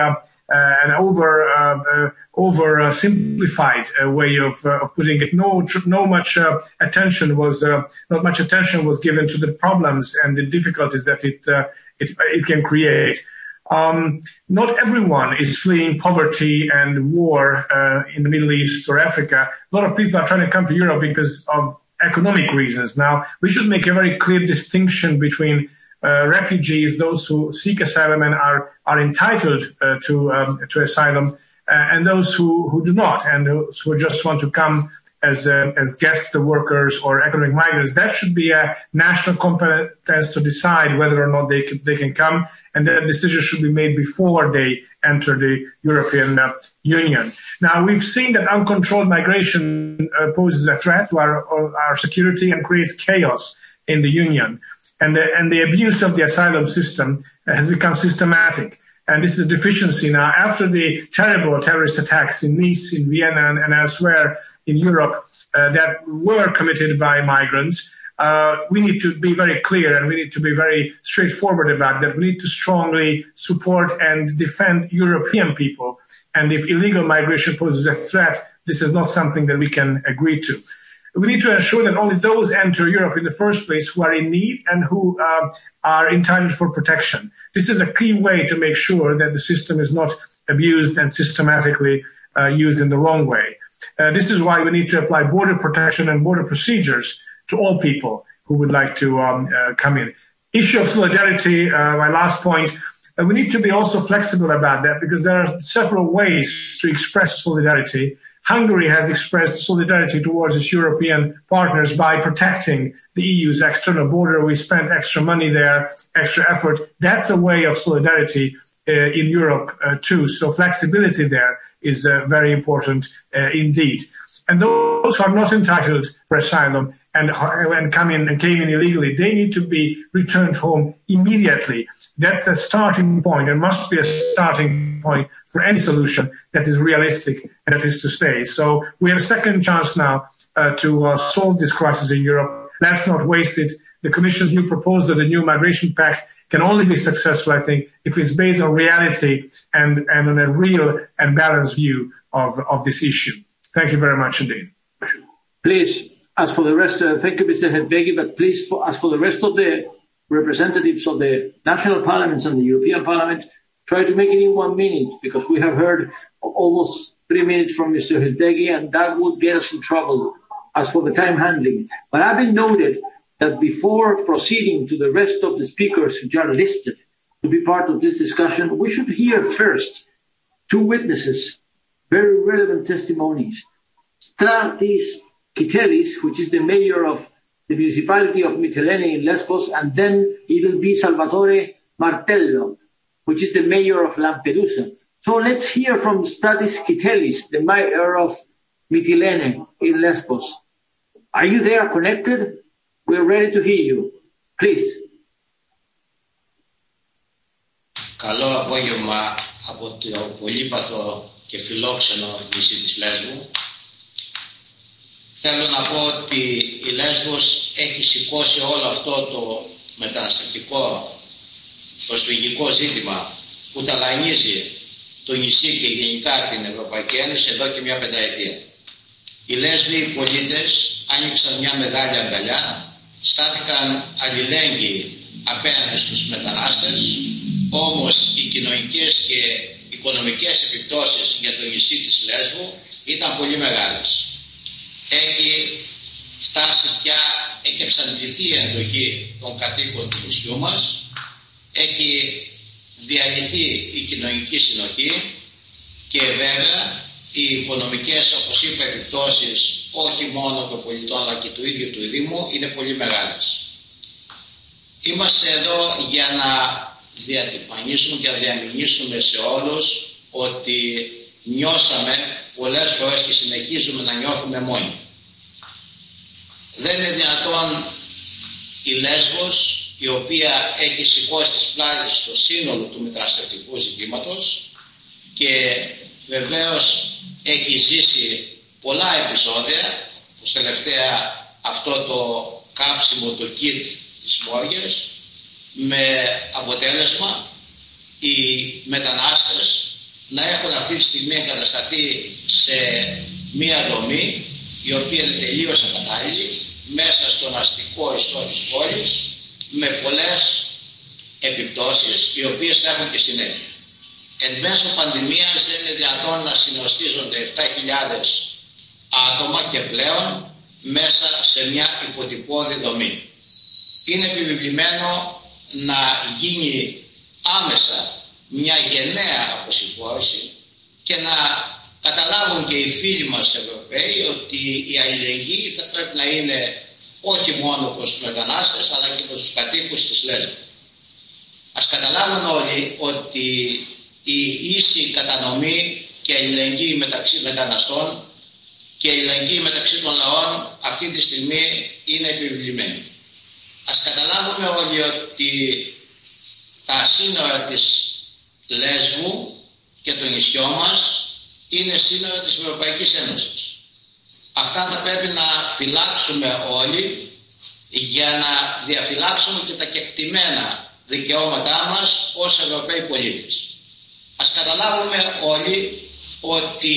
uh, an over, uh, uh, over uh, simplified uh, way of, uh, of putting it. No, tr- no much uh, attention was, uh, not much attention was given to the problems and the difficulties that it, uh, it, it can create. Um, not everyone is fleeing poverty and war uh, in the Middle East or Africa. A lot of people are trying to come to Europe because of economic reasons. Now, we should make a very clear distinction between uh, refugees, those who seek asylum and are, are entitled uh, to, um, to asylum, uh, and those who, who do not and those who just want to come as uh, as guest workers or economic migrants, that should be a national competence to decide whether or not they can, they can come, and that decision should be made before they enter the European uh, Union. Now we've seen that uncontrolled migration uh, poses a threat to our uh, our security and creates chaos in the Union, and the, and the abuse of the asylum system has become systematic. And this is a deficiency. Now, after the terrible terrorist attacks in Nice, in Vienna, and, and elsewhere in Europe uh, that were committed by migrants, uh, we need to be very clear and we need to be very straightforward about that. We need to strongly support and defend European people. And if illegal migration poses a threat, this is not something that we can agree to we need to ensure that only those enter Europe in the first place who are in need and who uh, are entitled for protection. This is a key way to make sure that the system is not abused and systematically uh, used in the wrong way. Uh, this is why we need to apply border protection and border procedures to all people who would like to um, uh, come in. Issue of solidarity, uh, my last point. Uh, we need to be also flexible about that because there are several ways to express solidarity. Hungary has expressed solidarity towards its European partners by protecting the EU's external border. We spent extra money there, extra effort. That's a way of solidarity uh, in Europe, uh, too. So flexibility there is uh, very important uh, indeed. And those who are not entitled for asylum and, uh, and, come in and came in illegally, they need to be returned home immediately that's a starting point and must be a starting point for any solution that is realistic and that is to stay. So we have a second chance now uh, to uh, solve this crisis in Europe. Let's not waste it. The Commission's new proposal, the new migration pact, can only be successful, I think, if it's based on reality and, and on a real and balanced view of, of this issue. Thank you very much indeed. Please, as for the rest, uh, thank you, Mr. Hedvegi, but please, for, as for the rest of the representatives of the national parliaments and the European Parliament try to make it in one minute because we have heard almost three minutes from Mr. Hildegi and that would get us in trouble as for the time handling. But I've been noted that before proceeding to the rest of the speakers which are listed to be part of this discussion, we should hear first two witnesses, very relevant testimonies. Stratis Kitelis, which is the mayor of the municipality of Mitilene in Lesbos, and then it'll be Salvatore Martello, which is the mayor of Lampedusa. So let's hear from Stratis Kitelis, the mayor of Mitilene in Lesbos. Are you there connected? We're ready to hear you. Please. Καλό απόγευμα από το πολύ παθό και φιλόξενο νησί της Λέσβου. Θέλω να πω ότι η Λέσβος έχει σηκώσει όλο αυτό το μεταναστευτικό προσφυγικό ζήτημα που ταλανίζει το νησί και γενικά την Ευρωπαϊκή Ένωση εδώ και μια πενταετία. Οι Λέσβοι πολίτες άνοιξαν μια μεγάλη αγκαλιά, στάθηκαν αλληλέγγυοι απέναντι στους μετανάστες, όμως οι κοινωνικές και οικονομικές επιπτώσεις για το νησί της Λέσβου ήταν πολύ μεγάλες έχει φτάσει πια, έχει εξαντληθεί η ενοχή των κατοίκων του νησιού μας, έχει διαλυθεί η κοινωνική συνοχή και βέβαια οι οικονομικές, όπως είπε, επιπτώσεις όχι μόνο των πολιτών αλλά και του ίδιου του Δήμου είναι πολύ μεγάλες. Είμαστε εδώ για να διατυπανίσουμε και να διαμηνήσουμε σε όλους ότι νιώσαμε πολλές φορές και συνεχίζουμε να νιώθουμε μόνοι. Δεν είναι δυνατόν η Λέσβος, η οποία έχει σηκώσει τις πλάτες στο σύνολο του μεταναστευτικού ζητήματος και βεβαίως έχει ζήσει πολλά επεισόδια, που τελευταία αυτό το κάψιμο το κιτ της Μόργιας, με αποτέλεσμα οι μετανάστες να έχουν αυτή τη στιγμή εγκατασταθεί σε μία δομή η οποία είναι τελείως κατάλληλη μέσα στον αστικό ιστό της πόλης με πολλές επιπτώσεις οι οποίες θα έχουν και συνέχεια. Εν μέσω πανδημίας δεν είναι δυνατόν να συνοστίζονται 7.000 άτομα και πλέον μέσα σε μια υποτυπώδη δομή. Είναι επιβεβλημένο να γίνει άμεσα μια γενναία αποσυμπόρωση και να καταλάβουν και οι φίλοι μας Ευρωπαίοι ότι η αλληλεγγύη θα πρέπει να είναι όχι μόνο προς τους μετανάστες αλλά και προς τους κατοίκους της Λέσβου. Ας καταλάβουν όλοι ότι η ίση κατανομή και αλληλεγγύη μεταξύ μεταναστών και αλληλεγγύη μεταξύ των λαών αυτή τη στιγμή είναι επιβλημένη. Ας καταλάβουμε όλοι ότι τα σύνορα της Λέσβου και το νησιό μας είναι σύνορα της Ευρωπαϊκής Ένωσης. Αυτά θα πρέπει να φυλάξουμε όλοι για να διαφυλάξουμε και τα κεκτημένα δικαιώματά μας ως Ευρωπαίοι πολίτες. Ας καταλάβουμε όλοι ότι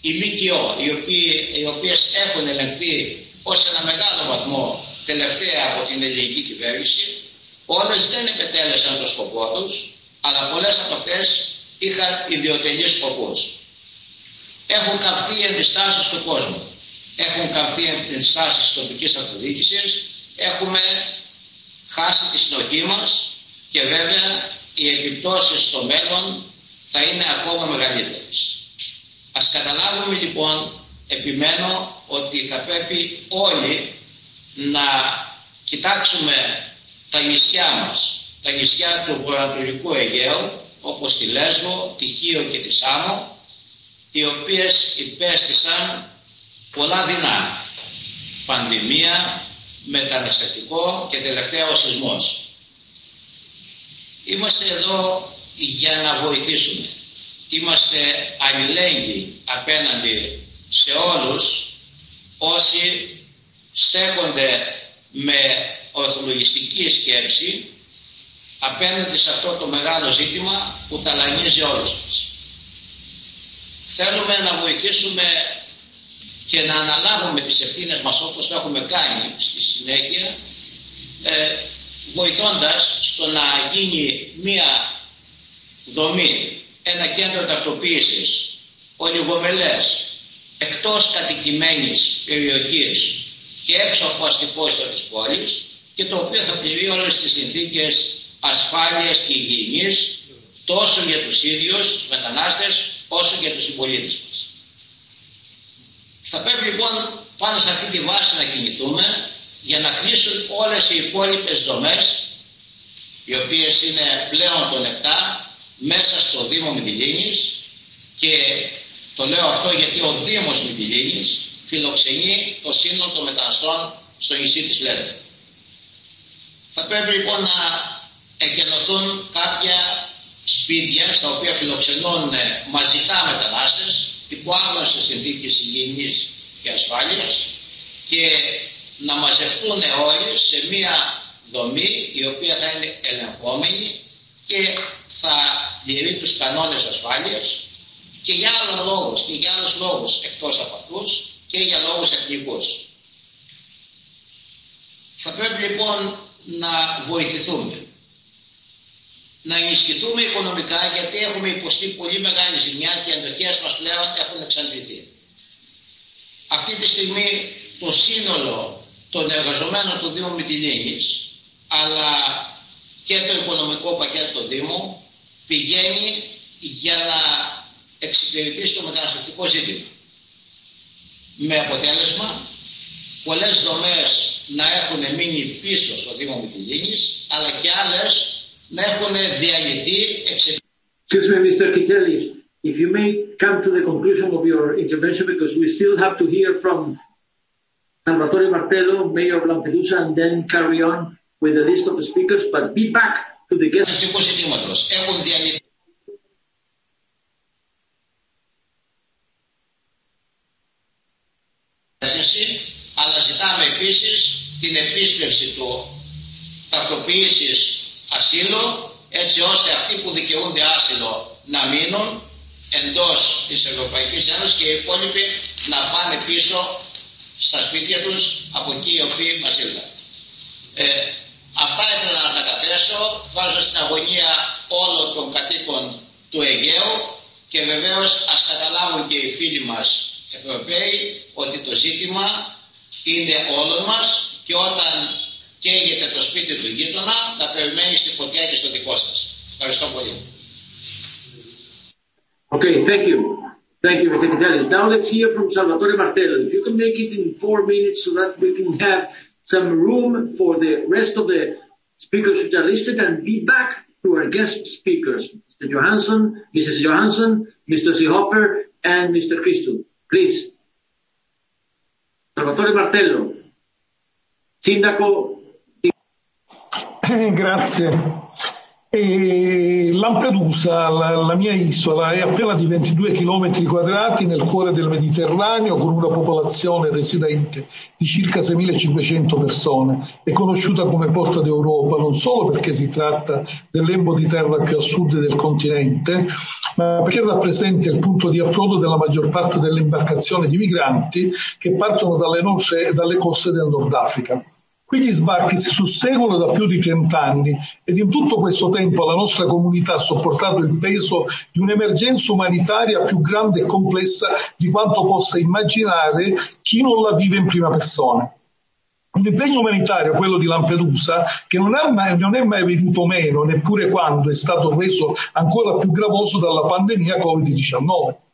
οι ΜΚΟ, οι, οποίοι, οι οποίες έχουν ελεγχθεί ως ένα μεγάλο βαθμό τελευταία από την ελληνική κυβέρνηση, όλες δεν επετέλεσαν το σκοπό τους, αλλά πολλές από αυτές είχαν ιδιοτελείς σκοπούς. Έχουν καυθεί ενδιστάσεις στον κόσμο. Έχουν καυθεί ενδιστάσεις της τοπικής αυτοδιοίκησης. Έχουμε χάσει τη συνοχή μας και βέβαια οι επιπτώσεις στο μέλλον θα είναι ακόμα μεγαλύτερες. Ας καταλάβουμε λοιπόν, επιμένω ότι θα πρέπει όλοι να κοιτάξουμε τα νησιά μας, τα νησιά του βορειοανατολικού Αιγαίου, όπως τη Λέσβο, τη Χίο και τη Σάμο, οι οποίες υπέστησαν πολλά δεινά. Πανδημία, μεταναστευτικό και τελευταία ο σεισμός. Είμαστε εδώ για να βοηθήσουμε. Είμαστε αλληλέγγυοι απέναντι σε όλους όσοι στέκονται με ορθολογιστική σκέψη απέναντι σε αυτό το μεγάλο ζήτημα που ταλανίζει όλους μας. Θέλουμε να βοηθήσουμε και να αναλάβουμε τις ευθύνες μας όπως το έχουμε κάνει στη συνέχεια ε, βοηθώντας στο να γίνει μία δομή, ένα κέντρο ταυτοποίησης, ολιγομελές, εκτός κατοικημένης περιοχής και έξω από αστικό της πόλης και το οποίο θα πληρεί όλες τις συνθήκες ασφάλεια και υγιεινή τόσο για του ίδιου του μετανάστε, όσο και για του συμπολίτε μα. Θα πρέπει λοιπόν πάνω σε αυτή τη βάση να κινηθούμε για να κλείσουν όλε οι υπόλοιπε δομέ, οι οποίε είναι πλέον των 7 μέσα στο Δήμο Μιτιλίνη και το λέω αυτό γιατί ο Δήμο Μιτιλίνη φιλοξενεί το σύνολο των μεταναστών στο νησί της Λέντε. Θα πρέπει λοιπόν να εκενωθούν κάποια σπίτια στα οποία φιλοξενούν μαζικά μετανάστες υπό άγνωσης συνθήκης υγιεινής και ασφάλειας και να μαζευτούν όλοι σε μία δομή η οποία θα είναι ελεγχόμενη και θα διαιρεί τους κανόνες ασφάλειας και για άλλους λόγους, και για άλλους λόγους εκτός από αυτούς και για λόγους εθνικούς. Θα πρέπει λοιπόν να βοηθηθούμε να ενισχυθούμε οικονομικά γιατί έχουμε υποστεί πολύ μεγάλη ζημιά και οι αντοχές μας πλέον έχουν εξαντληθεί. Αυτή τη στιγμή το σύνολο των εργαζομένων του Δήμου Μητυλίνης αλλά και το οικονομικό πακέτο του Δήμου πηγαίνει για να εξυπηρετήσει το μεταναστευτικό ζήτημα. Με αποτέλεσμα πολλές δομές να έχουν μείνει πίσω στο Δήμο Μητυλίνης αλλά και άλλες να έχουν διαλυθεί Excuse me, Mr. Kitelis, if you may come to the conclusion of your intervention, because we still have to hear from Salvatore Martello, Mayor of Lampedusa, and then carry on with the list of the speakers, but be back to the guest. αλλά ζητάμε επίσης την επίσκεψη του ταυτοποίησης ασύλο, έτσι ώστε αυτοί που δικαιούνται άσυλο να μείνουν εντός της Ευρωπαϊκής Ένωσης και οι υπόλοιποι να πάνε πίσω στα σπίτια τους από εκεί οι οποίοι μας ήρθαν. Ε, αυτά ήθελα να καταθέσω, βάζω στην αγωνία όλων των κατοίκων του Αιγαίου και βεβαίως ας καταλάβουν και οι φίλοι μας Ευρωπαίοι ότι το ζήτημα είναι όλων μας και όταν καίγεται το σπίτι του γείτονα να περιμένει στη φωτιά και στο δικό σα. Ευχαριστώ πολύ. Okay, thank you. Thank you, Mr. Italians. Now let's hear from Salvatore Martello. If you can make it in four minutes so that we can have some room for the rest of the speakers which are listed and be back to our guest speakers, Mr. Johansson, Mrs. Johansson, Mr. C. Hopper, and Mr. Christo. Please. Salvatore Martello, Sindaco Grazie. E Lampedusa, la, la mia isola, è appena di 22 km quadrati nel cuore del Mediterraneo, con una popolazione residente di circa 6.500 persone. È conosciuta come porta d'Europa non solo perché si tratta del lembo di terra più a sud del continente, ma perché rappresenta il punto di approdo della maggior parte delle imbarcazioni di migranti che partono dalle, noce, e dalle coste del Nord Africa. Quindi sbarchi si susseguono da più di vent'anni ed in tutto questo tempo la nostra comunità ha sopportato il peso di un'emergenza umanitaria più grande e complessa di quanto possa immaginare chi non la vive in prima persona. Un impegno umanitario, quello di Lampedusa, che non è, mai, non è mai venuto meno, neppure quando è stato reso ancora più gravoso dalla pandemia Covid-19.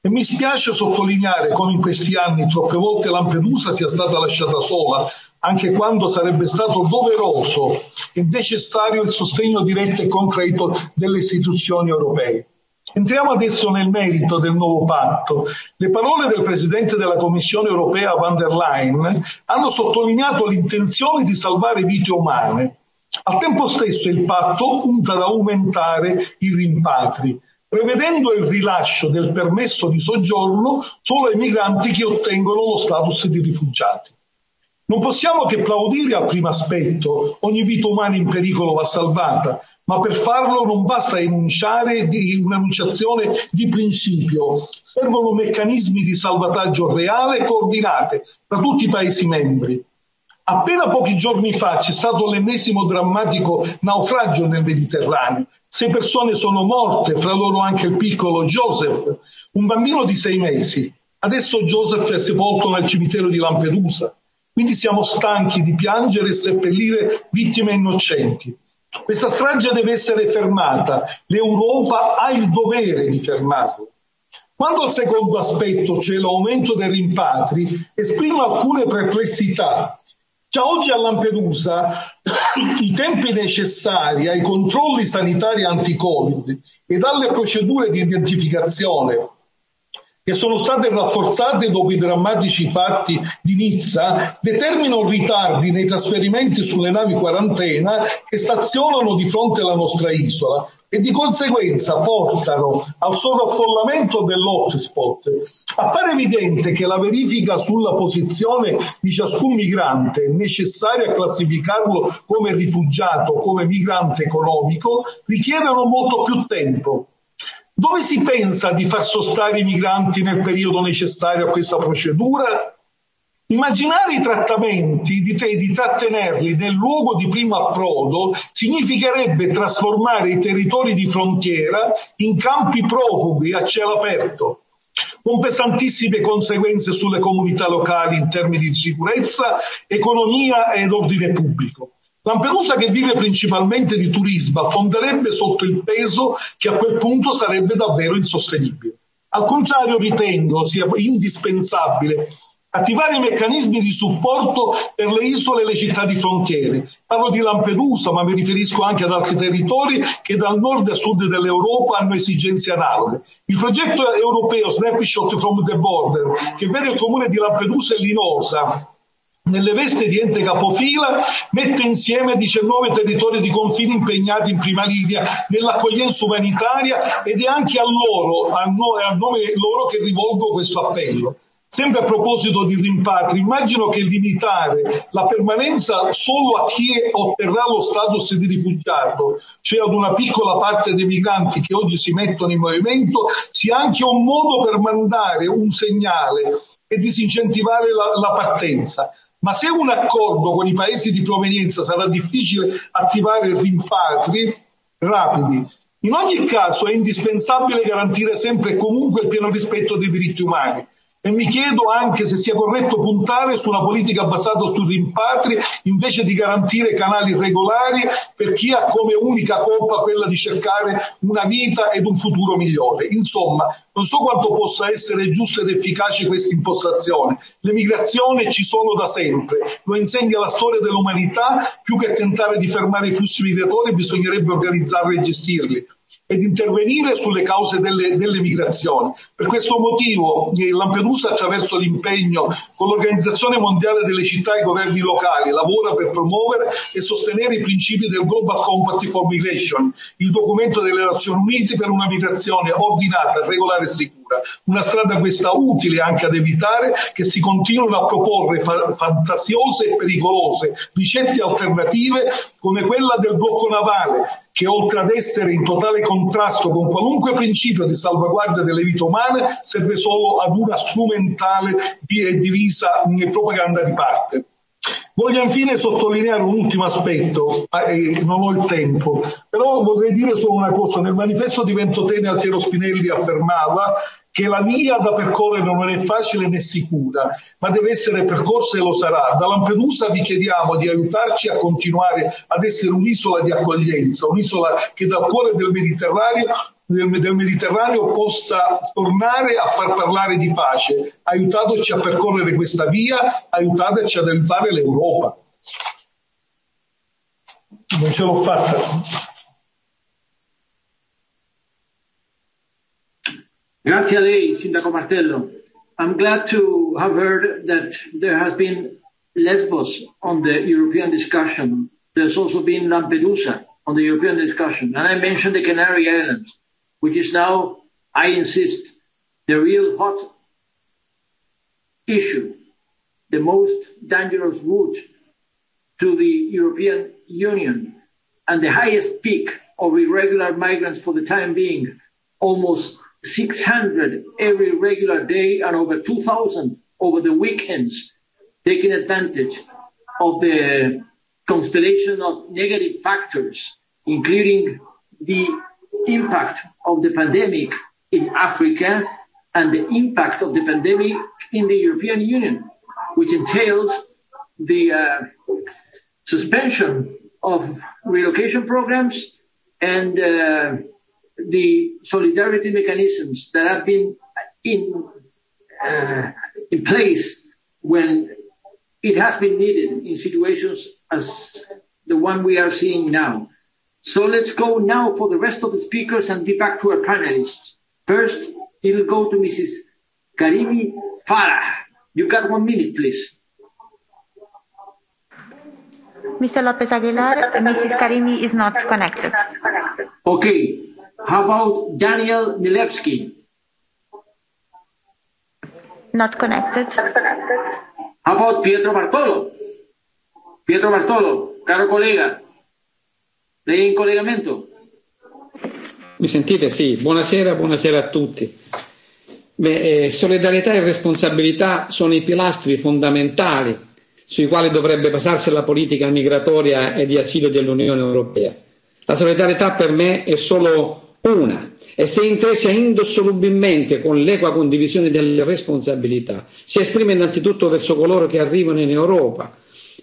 E mi spiace sottolineare come in questi anni troppe volte Lampedusa sia stata lasciata sola, anche quando sarebbe stato doveroso e necessario il sostegno diretto e concreto delle istituzioni europee. Entriamo adesso nel merito del nuovo patto. Le parole del Presidente della Commissione europea van der Leyen hanno sottolineato l'intenzione di salvare vite umane. Al tempo stesso il patto punta ad aumentare i rimpatri prevedendo il rilascio del permesso di soggiorno solo ai migranti che ottengono lo status di rifugiati. Non possiamo che applaudire al primo aspetto, ogni vita umana in pericolo va salvata, ma per farlo non basta enunciare di un'enunciazione di principio, servono meccanismi di salvataggio reale e coordinate tra tutti i Paesi membri. Appena pochi giorni fa c'è stato l'ennesimo drammatico naufragio nel Mediterraneo, sei persone sono morte, fra loro anche il piccolo Joseph, un bambino di sei mesi. Adesso Joseph è sepolto nel cimitero di Lampedusa. Quindi siamo stanchi di piangere e seppellire vittime innocenti. Questa strage deve essere fermata. L'Europa ha il dovere di fermarla. Quando al secondo aspetto c'è cioè l'aumento dei rimpatri, esprimo alcune perplessità Già oggi a Lampedusa i tempi necessari ai controlli sanitari anti-Covid e alle procedure di identificazione che sono state rafforzate dopo i drammatici fatti di Nizza, determinano ritardi nei trasferimenti sulle navi quarantena che stazionano di fronte alla nostra isola, e di conseguenza portano al sovraffollamento dell'hotspot. Appare evidente che la verifica sulla posizione di ciascun migrante è necessaria a classificarlo come rifugiato, come migrante economico, richiedono molto più tempo. Dove si pensa di far sostare i migranti nel periodo necessario a questa procedura? Immaginare i trattamenti di, te, di trattenerli nel luogo di primo approdo significherebbe trasformare i territori di frontiera in campi profughi a cielo aperto, con pesantissime conseguenze sulle comunità locali in termini di sicurezza, economia ed ordine pubblico. Lampedusa, che vive principalmente di turismo, affonderebbe sotto il peso che a quel punto sarebbe davvero insostenibile. Al contrario, ritengo sia indispensabile attivare i meccanismi di supporto per le isole e le città di frontiere. Parlo di Lampedusa, ma mi riferisco anche ad altri territori che dal nord a e sud dell'Europa hanno esigenze analoghe. Il progetto europeo Snapshot from the Border, che vede il comune di Lampedusa e Linosa nelle veste di ente capofila, mette insieme 19 territori di confine impegnati in prima linea nell'accoglienza umanitaria ed è anche a loro, a, no, a nome loro, che rivolgo questo appello. Sempre a proposito di rimpatri, immagino che limitare la permanenza solo a chi otterrà lo status di rifugiato, cioè ad una piccola parte dei migranti che oggi si mettono in movimento, sia anche un modo per mandare un segnale e disincentivare la, la partenza. Ma se un accordo con i paesi di provenienza sarà difficile attivare rimpatri rapidi, in ogni caso è indispensabile garantire sempre e comunque il pieno rispetto dei diritti umani. E mi chiedo anche se sia corretto puntare su una politica basata su rimpatri invece di garantire canali regolari per chi ha come unica colpa quella di cercare una vita ed un futuro migliore. Insomma, non so quanto possa essere giusta ed efficace questa impostazione. Le migrazioni ci sono da sempre, lo insegna la storia dell'umanità, più che tentare di fermare i flussi migratori bisognerebbe organizzarli e gestirli ed intervenire sulle cause delle, delle migrazioni. Per questo motivo eh, Lampedusa, attraverso l'impegno con l'Organizzazione Mondiale delle Città e Governi Locali, lavora per promuovere e sostenere i principi del Global Compact for Migration, il documento delle Nazioni Unite per una migrazione ordinata, regolare e sicura cultura. Una strada questa utile anche ad evitare che si continuino a proporre fa- fantasiose e pericolose ricette alternative come quella del blocco navale che oltre ad essere in totale contrasto con qualunque principio di salvaguardia delle vite umane serve solo ad una strumentale e divisa propaganda di parte. Voglio infine sottolineare un ultimo aspetto, eh, non ho il tempo, però vorrei dire solo una cosa. Nel manifesto di Ventotene Altiero Spinelli affermava che la via da percorrere non è facile né sicura, ma deve essere percorsa e lo sarà. Da Lampedusa vi chiediamo di aiutarci a continuare ad essere un'isola di accoglienza, un'isola che dal cuore del Mediterraneo del Mediterraneo possa tornare a far parlare di pace, aiutandoci a percorrere questa via, aiutandoci ad aiutare l'Europa. Non ce l'ho fatta. Grazie a lei, Sindaco Martello. I'm glad to have heard that there has been Lesbos on the European discussion. There's also been Lampedusa on the European discussion. And I mentioned the Canary Islands which is now, I insist, the real hot issue, the most dangerous route to the European Union, and the highest peak of irregular migrants for the time being, almost 600 every regular day and over 2,000 over the weekends, taking advantage of the constellation of negative factors, including the impact of the pandemic in Africa and the impact of the pandemic in the European Union, which entails the uh, suspension of relocation programs and uh, the solidarity mechanisms that have been in, uh, in place when it has been needed in situations as the one we are seeing now. So let's go now for the rest of the speakers and be back to our panelists. First, it will go to Mrs. Karimi Farah. You got one minute, please. Mr. Lopez Aguilar, Mrs. Karimi is not connected. Okay. How about Daniel Milevsky? Not connected. How about Pietro Bartolo? Pietro Bartolo, caro colega. Lei è in collegamento? Mi sentite? Sì, buonasera, buonasera a tutti. Beh, eh, solidarietà e responsabilità sono i pilastri fondamentali sui quali dovrebbe basarsi la politica migratoria e di asilo dell'Unione Europea. La solidarietà per me è solo una e si intrecia indossolubilmente con l'equa condivisione delle responsabilità. Si esprime innanzitutto verso coloro che arrivano in Europa,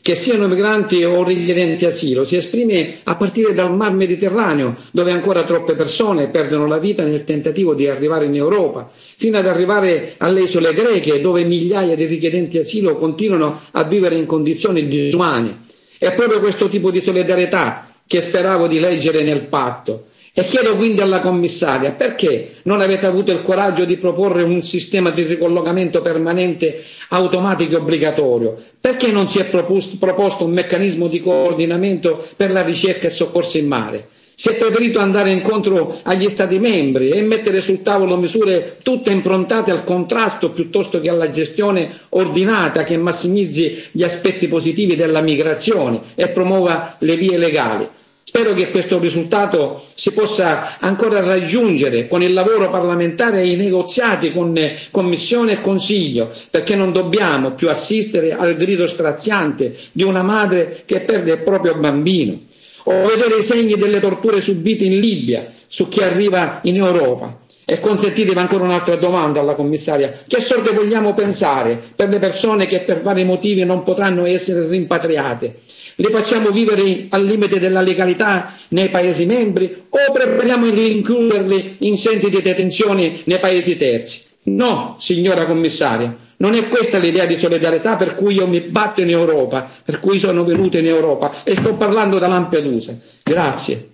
che siano migranti o richiedenti asilo, si esprime a partire dal Mar Mediterraneo, dove ancora troppe persone perdono la vita nel tentativo di arrivare in Europa, fino ad arrivare alle isole greche, dove migliaia di richiedenti asilo continuano a vivere in condizioni disumane. È proprio questo tipo di solidarietà che speravo di leggere nel patto. E chiedo quindi alla commissaria perché non avete avuto il coraggio di proporre un sistema di ricollocamento permanente automatico e obbligatorio? Perché non si è proposto, proposto un meccanismo di coordinamento per la ricerca e soccorso in mare? Si è preferito andare incontro agli Stati membri e mettere sul tavolo misure tutte improntate al contrasto piuttosto che alla gestione ordinata che massimizzi gli aspetti positivi della migrazione e promuova le vie legali. Spero che questo risultato si possa ancora raggiungere con il lavoro parlamentare e i negoziati con eh, Commissione e Consiglio, perché non dobbiamo più assistere al grido straziante di una madre che perde il proprio bambino o vedere i segni delle torture subite in Libia su chi arriva in Europa. E consentitevi ancora un'altra domanda alla commissaria. Che sorte vogliamo pensare per le persone che per vari motivi non potranno essere rimpatriate? Le facciamo vivere al limite della legalità nei paesi membri o prepariamo a rinchiuderle in centri di detenzione nei paesi terzi? No, signora commissaria, non è questa l'idea di solidarietà per cui io mi batto in Europa, per cui sono venuto in Europa e sto parlando da Lampedusa. Grazie.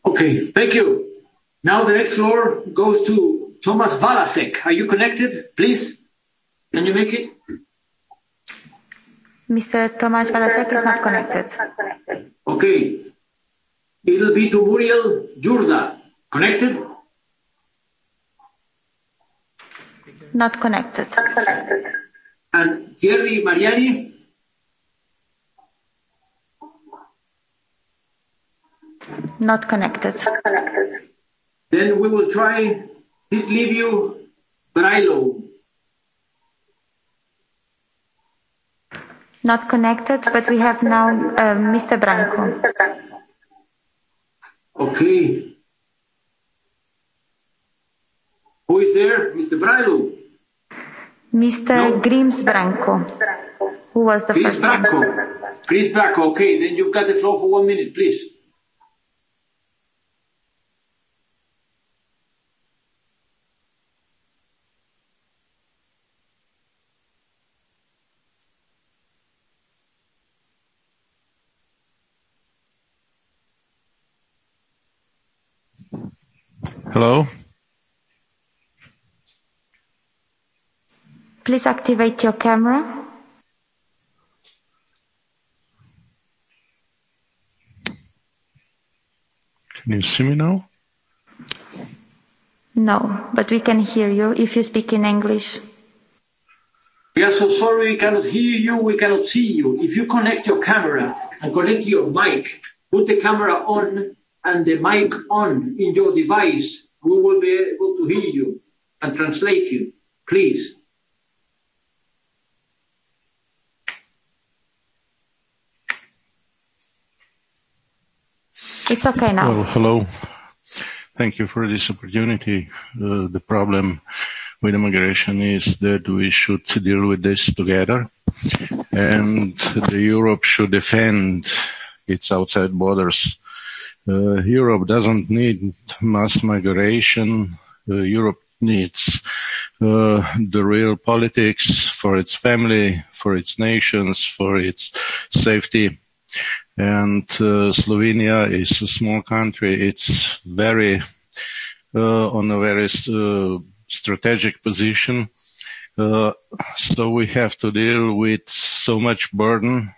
Ok, thank you. Now the next floor goes to Thomas Balasek. Are you connected, please? Can you make it? Mr. Tomas Balasek is not connected. Okay. It'll be to Muriel Jurda. Connected? Not connected. Not connected. And Jerry Mariani? Not connected. Not connected. Then we will try to leave you Brailo. not connected, but we have now uh, Mr. Branco. Okay. Who is there? Mr. Branco? Mr. No. Grims Branco, who was the Chris first Branco. one. Chris Branco, okay, then you've got the floor for one minute, please. Please activate your camera. Can you see me now? No, but we can hear you if you speak in English. We are so sorry we cannot hear you, we cannot see you. If you connect your camera and connect your mic, put the camera on and the mic on in your device, we will be able to hear you and translate you. Please. It's okay now. Well, hello. Thank you for this opportunity. Uh, the problem with immigration is that we should deal with this together and the Europe should defend its outside borders. Uh, Europe doesn't need mass migration. Uh, Europe needs uh, the real politics for its family, for its nations, for its safety and uh, slovenia is a small country it's very uh, on a very uh, strategic position uh, so we have to deal with so much burden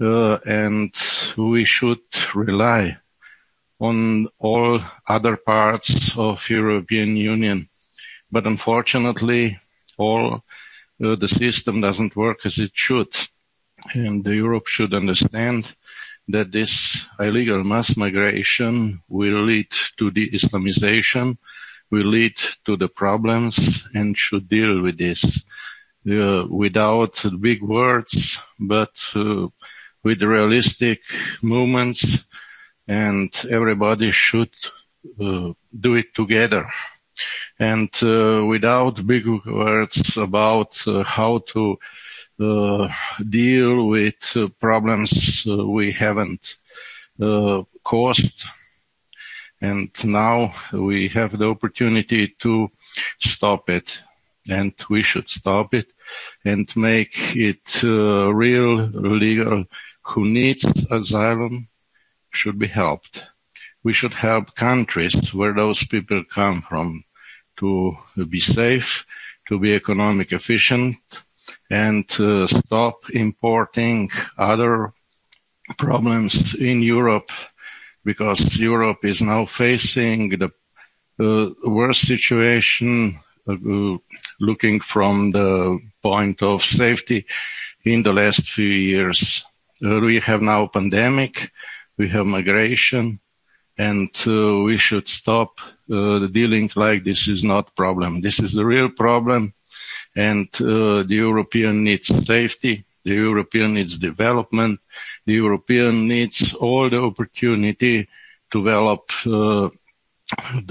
uh, and we should rely on all other parts of european union but unfortunately all uh, the system doesn't work as it should and europe should understand uh, that this illegal mass migration will lead to the Islamization, will lead to the problems and should deal with this uh, without big words, but uh, with realistic movements and everybody should uh, do it together. And uh, without big words about uh, how to uh, Uh, deal with uh, problems uh, we haven't uh, caused. And now we have the opportunity to stop it. And we should stop it and make it uh, real legal. Who needs asylum should be helped. We should help countries where those people come from to be safe, to be economic efficient, uh, and uh, stop importing other problems in Europe because Europe is now facing the uh, worst situation uh, looking from the point of safety in the last few years. Uh, we have now a pandemic, we have migration, and uh, we should stop uh, the dealing like this is not problem. This is the real problem and uh, the european needs safety the european needs development the european needs all the opportunity to develop uh,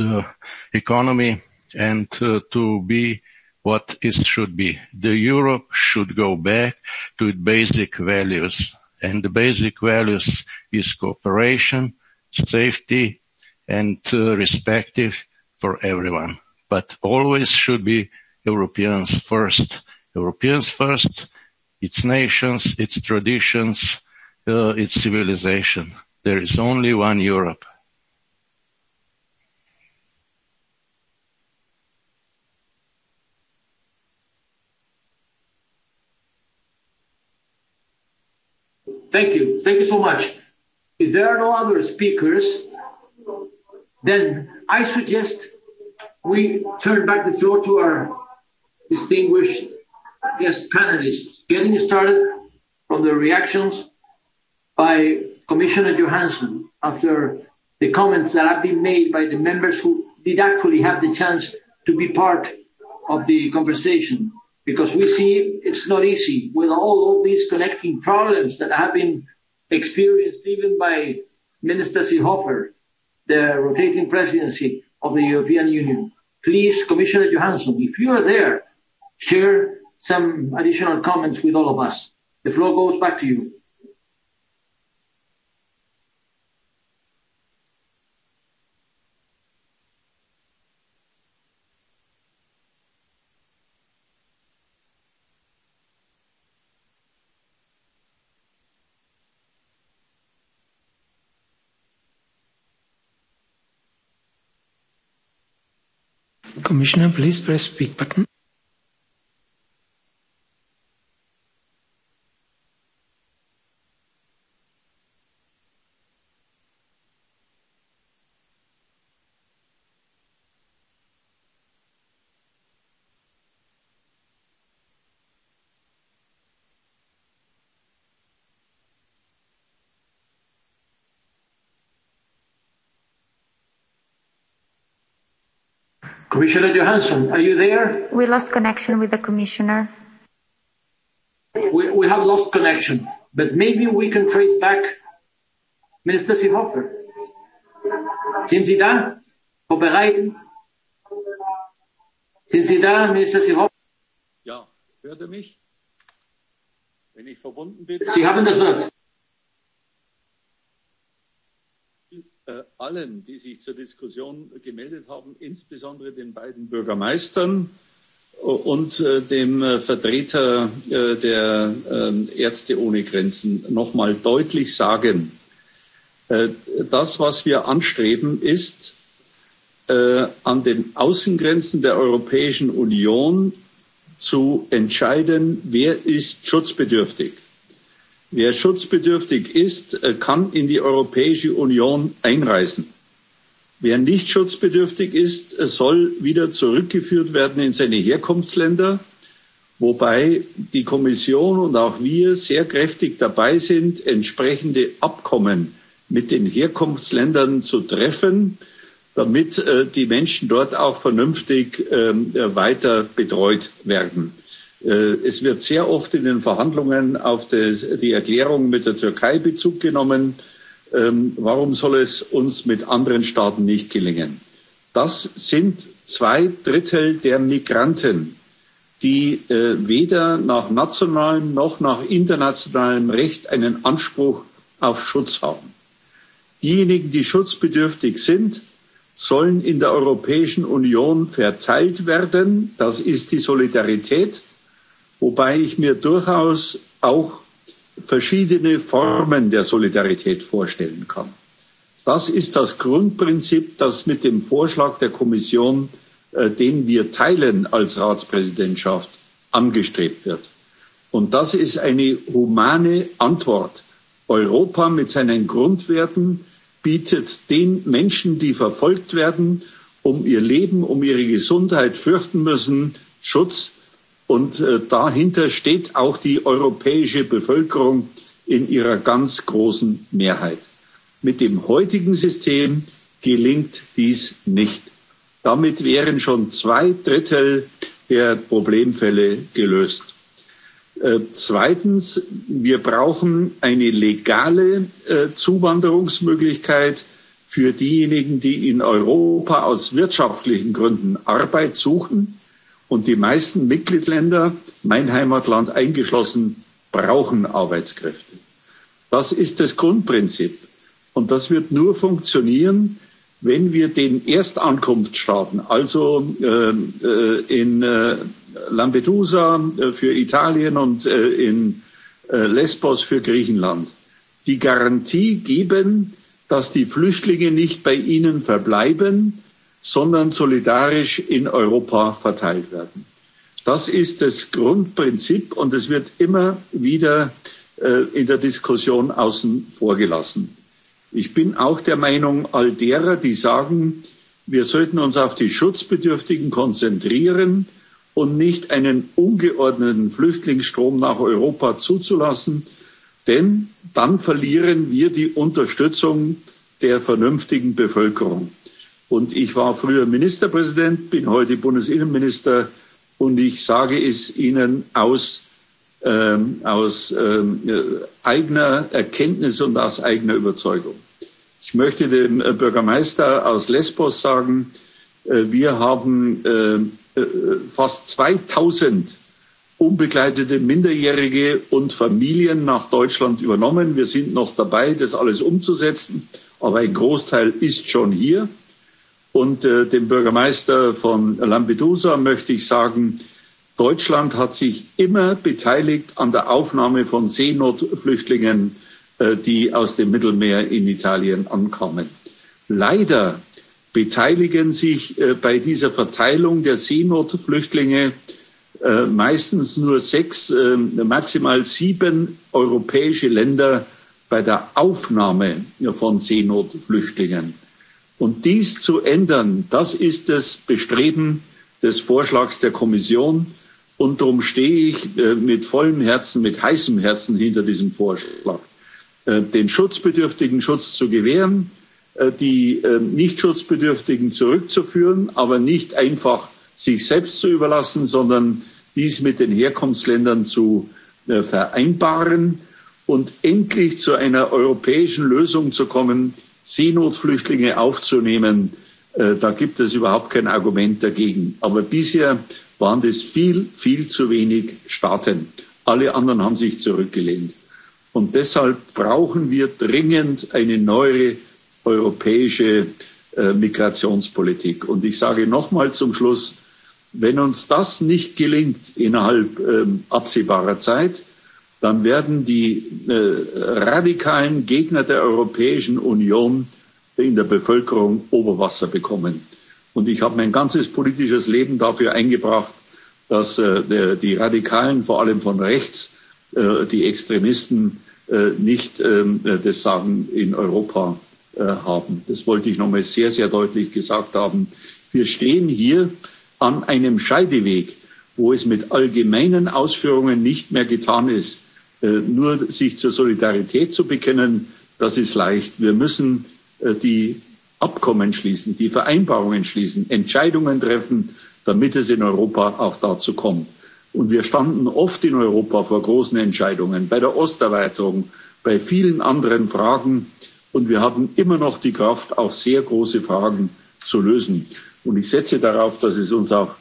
the economy and uh, to be what it should be the europe should go back to its basic values and the basic values is cooperation safety and uh, respect for everyone but always should be Europeans first. Europeans first, its nations, its traditions, uh, its civilization. There is only one Europe. Thank you. Thank you so much. If there are no other speakers, then I suggest we turn back the floor to our distinguished guest panelists, getting started from the reactions by Commissioner Johansson after the comments that have been made by the members who did actually have the chance to be part of the conversation. Because we see it's not easy with all of these connecting problems that have been experienced even by Minister Seehofer, the rotating presidency of the European Union. Please, Commissioner Johansson, if you are there, share some additional comments with all of us. The floor goes back to you. Commissioner, please press speak button. Commissioner Johansson, are you there? We lost connection with the commissioner. We, we have lost connection, but maybe we can trace back Minister Seehofer. Sind Sie da? Vorbereiten? Sind Sie da, Minister Seehofer? Ja, hört ihr mich? Wenn ich verbunden bin. Sie haben das Wort. äh, allen, die sich zur Diskussion gemeldet haben, insbesondere den beiden Bürgermeistern und äh, dem äh, Vertreter äh, der äh, Ärzte ohne Grenzen nochmal deutlich sagen, äh, das, was wir anstreben, ist, äh, an den Außengrenzen der Europäischen Union zu entscheiden, wer ist schutzbedürftig. Wer schutzbedürftig ist, äh, kann in die Europäische Union einreisen. Wer nicht schutzbedürftig ist, äh, soll wieder zurückgeführt werden in seine Herkunftsländer, wobei die Kommission und auch wir sehr kräftig dabei sind, entsprechende Abkommen mit den Herkunftsländern zu treffen, damit äh, die Menschen dort auch vernünftig ähm, weiter betreut werden. Äh, es wird sehr oft in den Verhandlungen auf die Erklärung mit der Türkei Bezug genommen. Ähm, warum soll es uns mit anderen Staaten nicht gelingen? Das sind zwei Drittel der Migranten, die äh, weder nach nationalem noch nach internationalem Recht einen Anspruch auf Schutz haben. Diejenigen, die schutzbedürftig sind, sollen in der Europäischen Union verteilt werden. Das ist die Solidarität wobei ich mir durchaus auch verschiedene Formen der Solidarität vorstellen kann. Das ist das Grundprinzip, das mit dem Vorschlag der Kommission, äh, den wir teilen als Ratspräsidentschaft, angestrebt wird. Und das ist eine humane Antwort. Europa mit seinen Grundwerten bietet den Menschen, die verfolgt werden, um ihr Leben, um ihre Gesundheit fürchten müssen, Schutz Und äh, dahinter steht auch die europäische Bevölkerung in ihrer ganz großen Mehrheit. Mit dem heutigen System gelingt dies nicht. Damit wären schon zwei Drittel der Problemfälle gelöst. Äh, zweitens, wir brauchen eine legale äh, Zuwanderungsmöglichkeit für diejenigen, die in Europa aus wirtschaftlichen Gründen Arbeit suchen. Und die meisten Mitgliedsländer, mein Heimatland eingeschlossen, brauchen Arbeitskräfte. Das ist das Grundprinzip. Und das wird nur funktionieren, wenn wir den Erstankunftsstaaten, also äh, äh, in äh, Lampedusa äh, für Italien und äh, in äh, Lesbos für Griechenland, die Garantie geben, dass die Flüchtlinge nicht bei ihnen verbleiben, äh, sondern solidarisch in Europa verteilt werden. Das ist das Grundprinzip und es wird immer wieder äh, in der Diskussion außen vorgelassen. Ich bin auch der Meinung all derer, die sagen, wir sollten uns auf die Schutzbedürftigen konzentrieren und nicht einen ungeordneten Flüchtlingsstrom nach Europa zuzulassen, denn dann verlieren wir die Unterstützung der vernünftigen Bevölkerung. Und ich war früher Ministerpräsident, bin heute Bundesinnenminister und ich sage es Ihnen aus, ähm, aus ähm, äh, eigener Erkenntnis und aus eigener Überzeugung. Ich möchte dem äh, Bürgermeister aus Lesbos sagen, äh, wir haben ähm, äh, fast 2000 unbegleitete Minderjährige und Familien nach Deutschland übernommen. Wir sind noch dabei, das alles umzusetzen, aber ein Großteil ist schon hier. Und äh, dem Bürgermeister von Lampedusa möchte ich sagen, Deutschland hat sich immer beteiligt an der Aufnahme von Seenotflüchtlingen, äh, die aus dem Mittelmeer in Italien ankommen. Leider beteiligen sich äh, bei dieser Verteilung der Seenotflüchtlinge äh, meistens nur sechs, äh, maximal sieben europäische Länder bei der Aufnahme von Seenotflüchtlingen. Äh, Und dies zu ändern, das ist das Bestreben des Vorschlags der Kommission. Und darum stehe ich äh, mit vollem Herzen, mit heißem Herzen hinter diesem Vorschlag. Äh, den Schutzbedürftigen Schutz zu gewähren, äh, die Nicht-Schutzbedürftigen zurückzuführen, aber nicht einfach sich selbst zu überlassen, sondern dies mit den Herkunftsländern zu vereinbaren und endlich zu einer europäischen Lösung zu kommen, Seenotflüchtlinge aufzunehmen, äh, da gibt es überhaupt kein Argument dagegen. Aber bisher waren es viel, viel zu wenig Staaten. Alle anderen haben sich zurückgelehnt. Und deshalb brauchen wir dringend eine neue europäische äh, Migrationspolitik. Und ich sage nochmal zum Schluss, wenn uns das nicht gelingt innerhalb ähm, absehbarer Zeit, dann werden die äh, radikalen Gegner der Europäischen Union in der Bevölkerung Oberwasser bekommen. Und ich habe mein ganzes politisches Leben dafür eingebracht, dass äh, der, die Radikalen, vor allem von rechts, äh, die Extremisten äh, nicht ähm, äh, das Sagen in Europa äh, haben. Das wollte ich nochmal sehr, sehr deutlich gesagt haben. Wir stehen hier an einem Scheideweg, wo es mit allgemeinen Ausführungen nicht mehr getan ist. Äh, nur sich zur Solidarität zu bekennen, das ist leicht. Wir müssen äh, die Abkommen schließen, die Vereinbarungen schließen, Entscheidungen treffen, damit es in Europa auch dazu kommt. Und wir standen oft in Europa vor großen Entscheidungen, bei der Osterweiterung, bei vielen anderen Fragen. Und wir haben immer noch die Kraft, auch sehr große Fragen zu lösen. Und ich setze darauf, dass es uns auch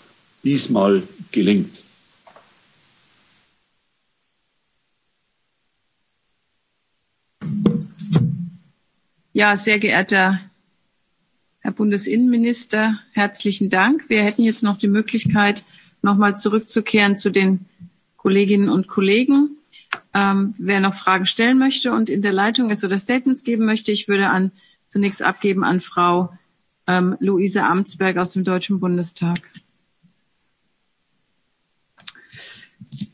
diesmal gelingt. Ja, sehr geehrter Herr Bundesinnenminister, herzlichen Dank. Wir hätten jetzt noch die Möglichkeit, nochmal zurückzukehren zu den Kolleginnen und Kollegen. Ähm, wer noch Fragen stellen möchte und in der Leitung ist oder Statements geben möchte, ich würde an, zunächst abgeben an Frau ähm, Luise Amtsberg aus dem Deutschen Bundestag.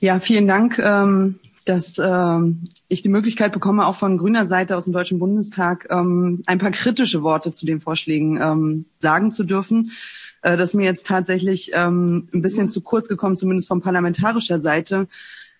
Ja, vielen Dank. Ähm dass äh, ich die Möglichkeit bekomme, auch von grüner Seite aus dem Deutschen Bundestag ähm, ein paar kritische Worte zu den Vorschlägen ähm, sagen zu dürfen. Äh, das ist mir jetzt tatsächlich ähm, ein bisschen zu kurz gekommen, zumindest von parlamentarischer Seite.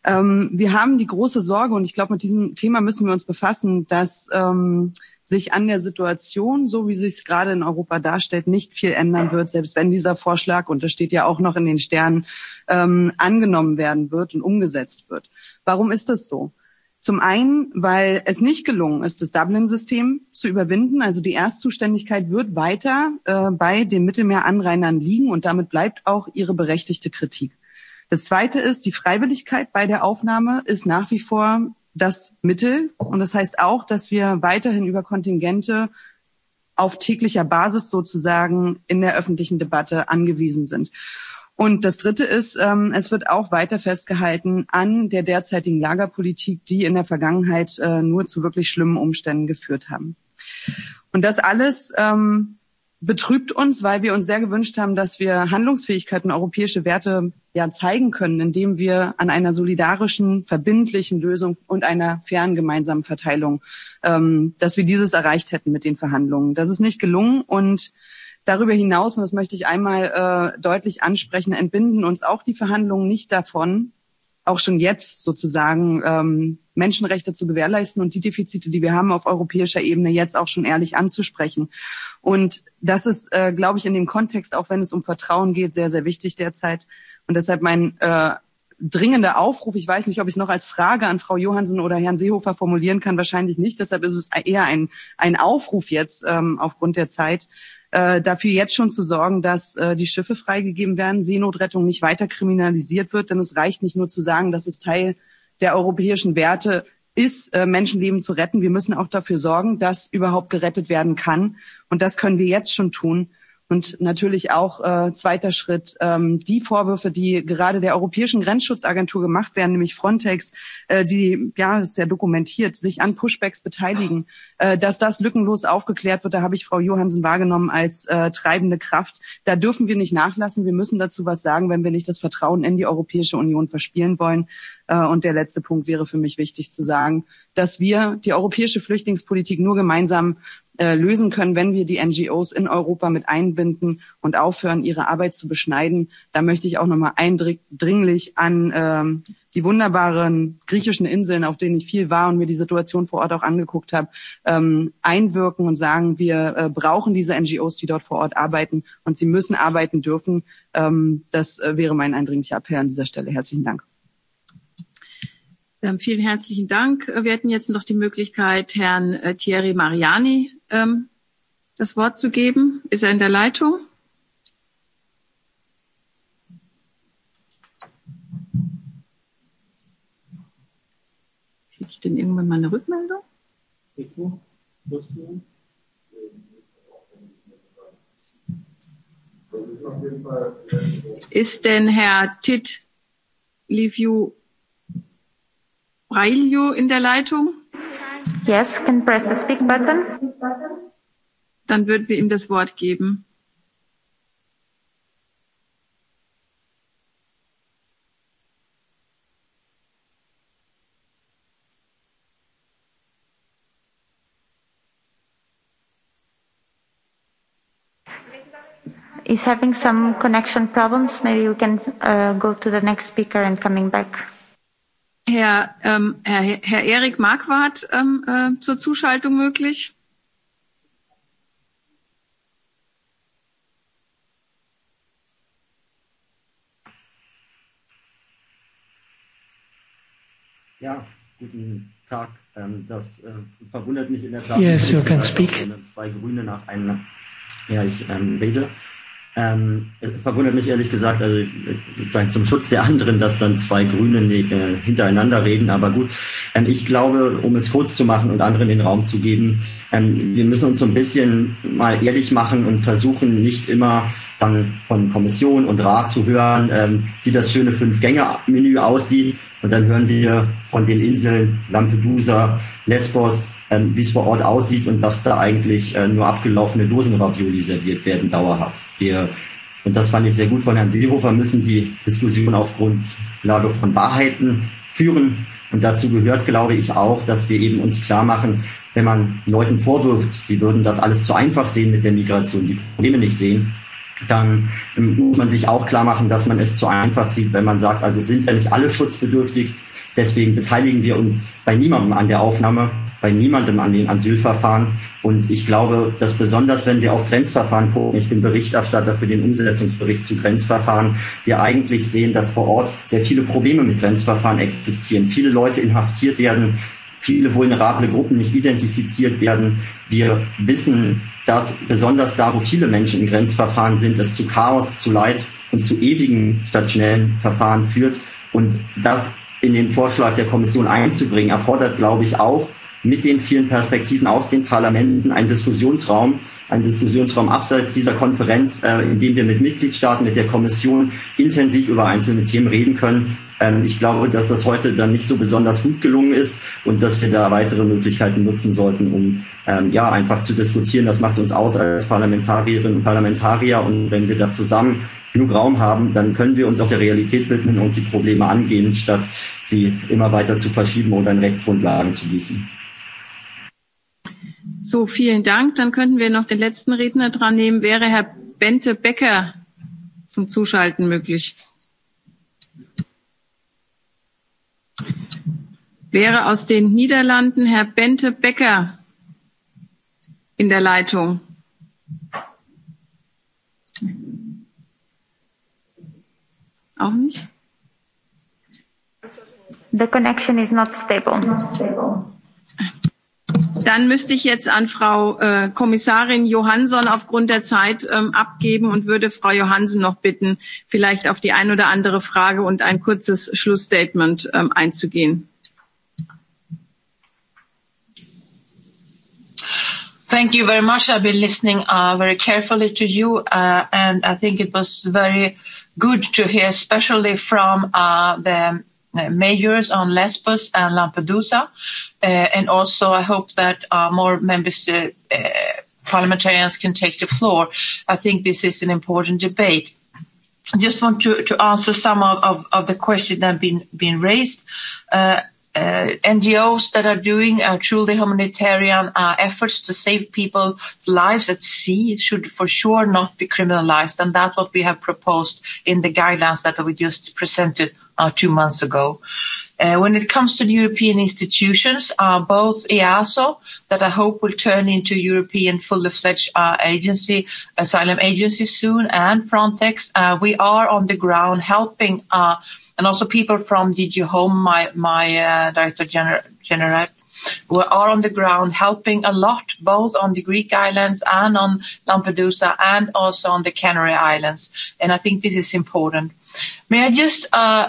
Ähm, wir haben die große Sorge, und ich glaube, mit diesem Thema müssen wir uns befassen, dass ähm, sich an der Situation, so wie sie es gerade in Europa darstellt, nicht viel ändern wird, selbst wenn dieser Vorschlag, und das steht ja auch noch in den Sternen, ähm, angenommen werden wird und umgesetzt wird. Warum ist das so? Zum einen, weil es nicht gelungen ist, das Dublin-System zu überwinden. Also die Erstzuständigkeit wird weiter äh, bei den Mittelmeeranrainern liegen und damit bleibt auch ihre berechtigte Kritik. Das Zweite ist, die Freiwilligkeit bei der Aufnahme ist nach wie vor das Mittel. Und das heißt auch, dass wir weiterhin über Kontingente auf täglicher Basis sozusagen in der öffentlichen Debatte angewiesen sind. Und das Dritte ist, ähm, es wird auch weiter festgehalten an der derzeitigen Lagerpolitik, die in der Vergangenheit äh, nur zu wirklich schlimmen Umständen geführt haben. Und das alles ähm, betrübt uns, weil wir uns sehr gewünscht haben, dass wir Handlungsfähigkeiten, europäische Werte ja zeigen können, indem wir an einer solidarischen, verbindlichen Lösung und einer fairen gemeinsamen Verteilung, ähm, dass wir dieses erreicht hätten mit den Verhandlungen. Das ist nicht gelungen und darüber hinaus, und das möchte ich einmal äh, deutlich ansprechen, entbinden uns auch die Verhandlungen nicht davon, auch schon jetzt sozusagen ähm, Menschenrechte zu gewährleisten und die Defizite, die wir haben auf europäischer Ebene, jetzt auch schon ehrlich anzusprechen. Und das ist, äh, glaube ich, in dem Kontext, auch wenn es um Vertrauen geht, sehr, sehr wichtig derzeit. Und deshalb mein äh, dringender Aufruf, ich weiß nicht, ob ich es noch als Frage an Frau Johansen oder Herrn Seehofer formulieren kann, wahrscheinlich nicht. Deshalb ist es eher ein, ein Aufruf jetzt ähm, aufgrund der Zeit. Äh, dafür jetzt schon zu sorgen, dass äh, die Schiffe freigegeben werden, Seenotrettung nicht weiter kriminalisiert wird. Denn es reicht nicht nur zu sagen, dass es Teil der europäischen Werte ist, äh, Menschenleben zu retten. Wir müssen auch dafür sorgen, dass überhaupt gerettet werden kann. Und das können wir jetzt schon tun. Und natürlich auch äh, zweiter Schritt, ähm, die Vorwürfe, die gerade der Europäischen Grenzschutzagentur gemacht werden, nämlich Frontex, äh, die, ja, ist ja dokumentiert, sich an Pushbacks beteiligen, äh, dass das lückenlos aufgeklärt wird, da habe ich Frau Johansen wahrgenommen als äh, treibende Kraft. Da dürfen wir nicht nachlassen. Wir müssen dazu was sagen, wenn wir nicht das Vertrauen in die Europäische Union verspielen wollen. Äh, und der letzte Punkt wäre für mich wichtig zu sagen, dass wir die europäische Flüchtlingspolitik nur gemeinsam Äh, lösen können, wenn wir die NGOs in Europa mit einbinden und aufhören, ihre Arbeit zu beschneiden. Da möchte ich auch nochmal eindringlich an ähm, die wunderbaren griechischen Inseln, auf denen ich viel war und mir die Situation vor Ort auch angeguckt habe, ähm, einwirken und sagen, wir äh, brauchen diese NGOs, die dort vor Ort arbeiten und sie müssen arbeiten dürfen. Ähm, das äh, wäre mein eindringlicher Appell an dieser Stelle. Herzlichen Dank. Ähm, vielen herzlichen Dank. Äh, wir hätten jetzt noch die Möglichkeit, Herrn äh, Thierry Mariani ähm, das Wort zu geben. Ist er in der Leitung? Kriege ich denn irgendwann mal eine Rückmeldung? Ist denn Herr Titt Leave you Brailio in der Leitung? Yes, can press the speak button. Dann würden wir ihm das Wort geben. Is having some connection problems. Maybe we can uh, go to the next speaker and coming back. Herr, ähm, Herr, Herr Erik Marquardt ähm, äh, zur Zuschaltung möglich? Ja, guten Tag. Ähm, das äh, verwundert mich in der Tat. Yes, you can speak. Zwei Grüne nach einem. Ja, ich ähm, rede. Ähm, verwundert mich ehrlich gesagt, also äh, sozusagen zum Schutz der anderen, dass dann zwei Grüne äh, hintereinander reden. Aber gut, ähm, ich glaube, um es kurz zu machen und anderen den Raum zu geben, ähm, wir müssen uns so ein bisschen mal ehrlich machen und versuchen nicht immer dann von Kommission und Rat zu hören, ähm, wie das schöne Fünf-Gänge-Menü aussieht. Und dann hören wir von den Inseln Lampedusa, Lesbos, ähm, wie es vor Ort aussieht und dass da eigentlich äh, nur abgelaufene Dosenravioli serviert werden, dauerhaft. Wir, und das fand ich sehr gut von Herrn Seehofer, müssen die Diskussion auf Grundlage von Wahrheiten führen. Und dazu gehört, glaube ich, auch, dass wir eben uns klar machen, wenn man Leuten vorwirft, sie würden das alles zu einfach sehen mit der Migration, die Probleme nicht sehen, dann ähm, muss man sich auch klar machen, dass man es zu einfach sieht, wenn man sagt, also sind ja nicht alle schutzbedürftig, deswegen beteiligen wir uns bei niemandem an der Aufnahme bei niemandem an den Asylverfahren. Und ich glaube, dass besonders, wenn wir auf Grenzverfahren gucken, ich bin Berichterstatter für den Umsetzungsbericht zu Grenzverfahren, wir eigentlich sehen, dass vor Ort sehr viele Probleme mit Grenzverfahren existieren. Viele Leute inhaftiert werden, viele vulnerable Gruppen nicht identifiziert werden. Wir wissen, dass besonders da, wo viele Menschen in Grenzverfahren sind, es zu Chaos, zu Leid und zu ewigen statt schnellen Verfahren führt. Und das in den Vorschlag der Kommission einzubringen, erfordert, glaube ich, auch, mit den vielen Perspektiven aus den Parlamenten einen Diskussionsraum, einen Diskussionsraum abseits dieser Konferenz, äh, in dem wir mit Mitgliedstaaten, mit der Kommission intensiv über einzelne Themen reden können. Ähm, ich glaube, dass das heute dann nicht so besonders gut gelungen ist und dass wir da weitere Möglichkeiten nutzen sollten, um ähm, ja einfach zu diskutieren. Das macht uns aus als Parlamentarierinnen und Parlamentarier. Und wenn wir da zusammen genug Raum haben, dann können wir uns auch der Realität widmen und die Probleme angehen, statt sie immer weiter zu verschieben oder in Rechtsgrundlagen zu gießen. So, vielen Dank. Dann könnten wir noch den letzten Redner dran nehmen. Wäre Herr Bente Becker zum Zuschalten möglich? Wäre aus den Niederlanden Herr Bente Becker in der Leitung? Auch nicht? The connection is not stable. Not stable. Dann müsste ich jetzt an Frau äh, Kommissarin Johansson aufgrund der Zeit ähm, abgeben und würde Frau Johansen noch bitten, vielleicht auf die ein oder andere Frage und ein kurzes Schlussstatement ähm, einzugehen. Thank you very much. I've been listening uh, very carefully to you, uh, and I think it was very good to hear, especially from uh, the Uh, measures on Lesbos and Lampedusa. Uh, and also, I hope that uh, more members, uh, uh, parliamentarians, can take the floor. I think this is an important debate. I just want to, to answer some of, of, of the questions that have been, been raised. Uh, uh, NGOs that are doing uh, truly humanitarian uh, efforts to save people's lives at sea should for sure not be criminalized. And that's what we have proposed in the guidelines that we just presented uh, two months ago. Uh, when it comes to the European institutions, uh, both EASO, that I hope will turn into European fully fledged uh, agency, asylum agency soon, and Frontex, uh, we are on the ground helping uh, and also people from DG Home, my my uh, director general, were all on the ground helping a lot, both on the Greek islands and on Lampedusa, and also on the Canary Islands. And I think this is important. May I just uh,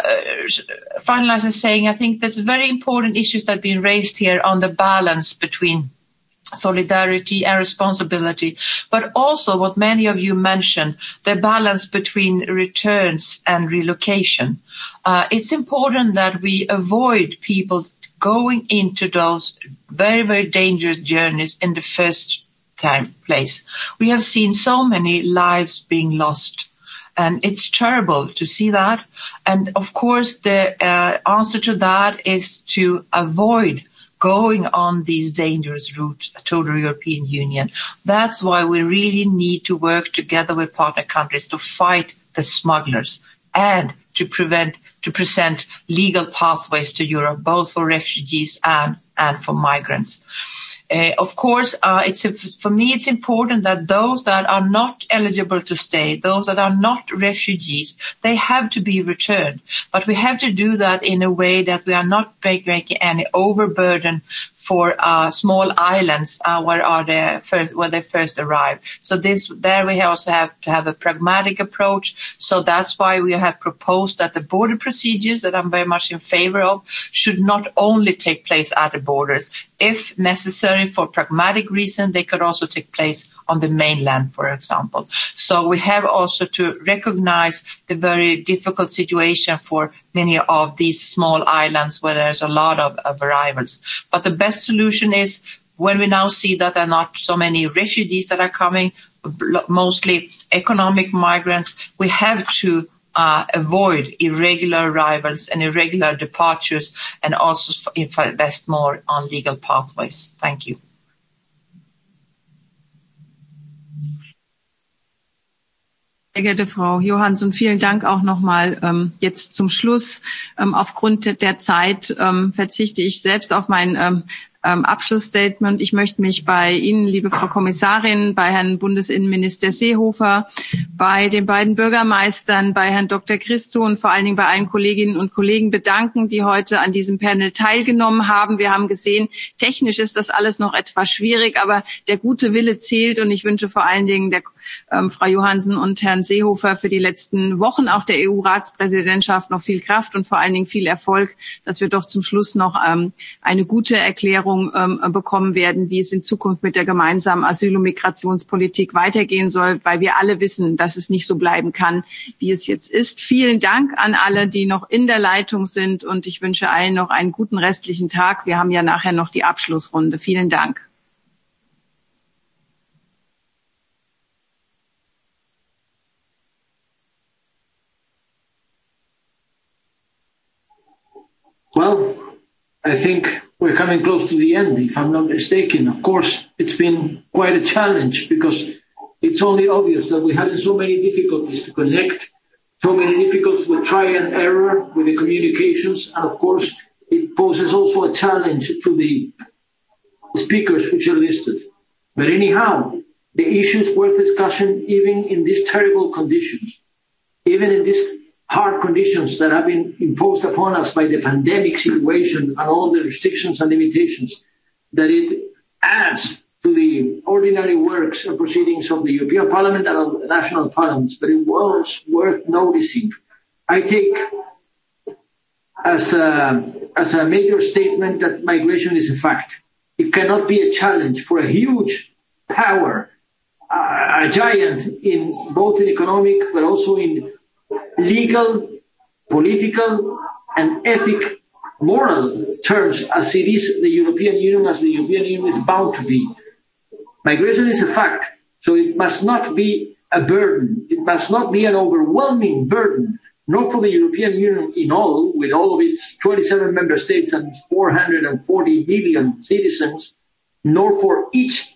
finalize by saying I think that's very important issues that have been raised here on the balance between solidarity and responsibility, but also what many of you mentioned, the balance between returns and relocation. Uh, it's important that we avoid people going into those very, very dangerous journeys in the first time place. We have seen so many lives being lost. And it's terrible to see that. And of course, the uh, answer to that is to avoid going on this dangerous route to the European Union. That's why we really need to work together with partner countries to fight the smugglers and to prevent, to present legal pathways to Europe, both for refugees and, and for migrants. Uh, Uh, of course, uh, it's a, for me, it's important that those that are not eligible to stay, those that are not refugees, they have to be returned. But we have to do that in a way that we are not breaking any overburden four uh, small islands uh, where are they first where they first arrived. So this there we also have to have a pragmatic approach. So that's why we have proposed that the border procedures that I'm very much in favor of should not only take place at the borders. If necessary for pragmatic reason, they could also take place on the mainland, for example. So we have also to recognize the very difficult situation for many of these small islands where there's a lot of, of arrivals. But the best solution is when we now see that there are not so many refugees that are coming, mostly economic migrants, we have to uh, avoid irregular arrivals and irregular departures and also invest more on legal pathways. Thank you. Sehr geehrte Frau Johansson, vielen Dank auch nochmal ähm, jetzt zum Schluss. Ähm, aufgrund der Zeit ähm, verzichte ich selbst auf mein ähm, ähm, Abschlussstatement. Ich möchte mich bei Ihnen, liebe Frau Kommissarin, bei Herrn Bundesinnenminister Seehofer, bei den beiden Bürgermeistern, bei Herrn Dr. Christo und vor allen Dingen bei allen Kolleginnen und Kollegen bedanken, die heute an diesem Panel teilgenommen haben. Wir haben gesehen, technisch ist das alles noch etwas schwierig, aber der gute Wille zählt und ich wünsche vor allen Dingen der ähm, Frau Johansen und Herrn Seehofer für die letzten Wochen auch der EU-Ratspräsidentschaft noch viel Kraft und vor allen Dingen viel Erfolg, dass wir doch zum Schluss noch ähm, eine gute Erklärung ähm, bekommen werden, wie es in Zukunft mit der gemeinsamen Asyl- und Migrationspolitik weitergehen soll, weil wir alle wissen, dass es nicht so bleiben kann, wie es jetzt ist. Vielen Dank an alle, die noch in der Leitung sind und ich wünsche allen noch einen guten restlichen Tag. Wir haben ja nachher noch die Abschlussrunde. Vielen Dank. Well, I think we're coming close to the end, if I'm not mistaken. Of course, it's been quite a challenge because it's only obvious that we're having so many difficulties to connect, so many difficulties with try and error with the communications. And of course, it poses also a challenge to the speakers which are listed. But anyhow, the issue is worth discussion even in these terrible conditions, even in this hard conditions that have been imposed upon us by the pandemic situation and all the restrictions and limitations, that it adds to the ordinary works and proceedings of the European Parliament and of the national parliaments, but it was worth noticing. I take as a, as a major statement that migration is a fact. It cannot be a challenge for a huge power, a, a giant in both in economic but also in legal, political, and ethic moral terms as it is the European Union, as the European Union is bound to be. Migration is a fact, so it must not be a burden. It must not be an overwhelming burden, not for the European Union in all, with all of its 27 member states and 440 million citizens, nor for each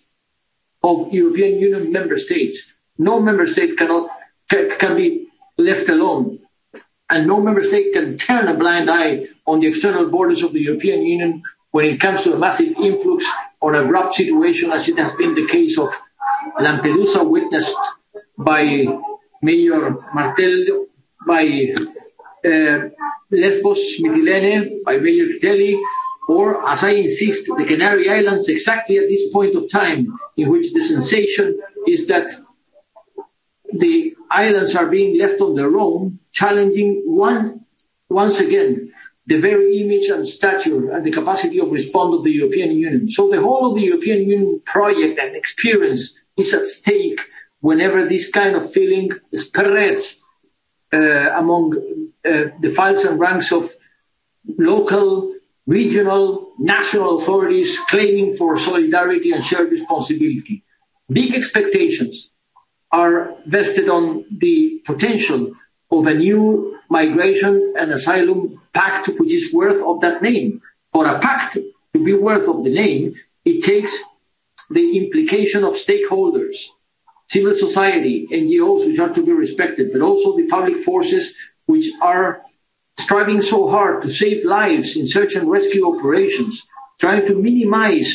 of European Union member states. No member state cannot, can be left alone. And no member state can turn a blind eye on the external borders of the European Union when it comes to a massive influx or an abrupt situation, as it has been the case of Lampedusa, witnessed by Mayor Martel, by uh, Lesbos, Mitilene, by Mayor Kiteli, or, as I insist, the Canary Islands, exactly at this point of time, in which the sensation is that the islands are being left on their own, challenging one, once again the very image and stature and the capacity of respond of the European Union. So the whole of the European Union project and experience is at stake whenever this kind of feeling spreads uh, among uh, the files and ranks of local, regional, national authorities claiming for solidarity and shared responsibility. Big expectations, are vested on the potential of a new migration and asylum pact which is worth of that name. For a pact to be worth of the name, it takes the implication of stakeholders, civil society, NGOs which are to be respected, but also the public forces which are striving so hard to save lives in search and rescue operations, trying to minimize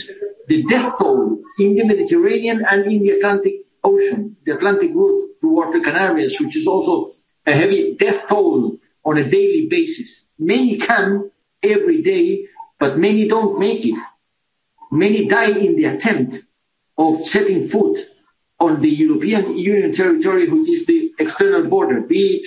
the death toll in the Mediterranean and in the Atlantic ocean, the Atlantic route toward the Canaries, which is also a heavy death toll on a daily basis. Many come every day, but many don't make it. Many die in the attempt of setting foot on the European Union territory, which is the external border, be it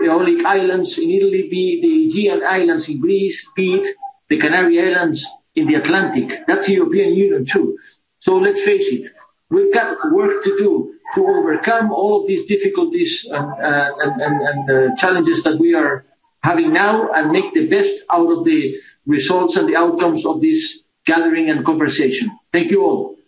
the Aeolic Islands in Italy, be it the Aegean Islands in Greece, be it the Canary Islands in the Atlantic. That's European Union too. So let's face it we've got work to do to overcome all of these difficulties and, uh, and, and, and the uh, challenges that we are having now and make the best out of the results and the outcomes of this gathering and conversation. Thank you all.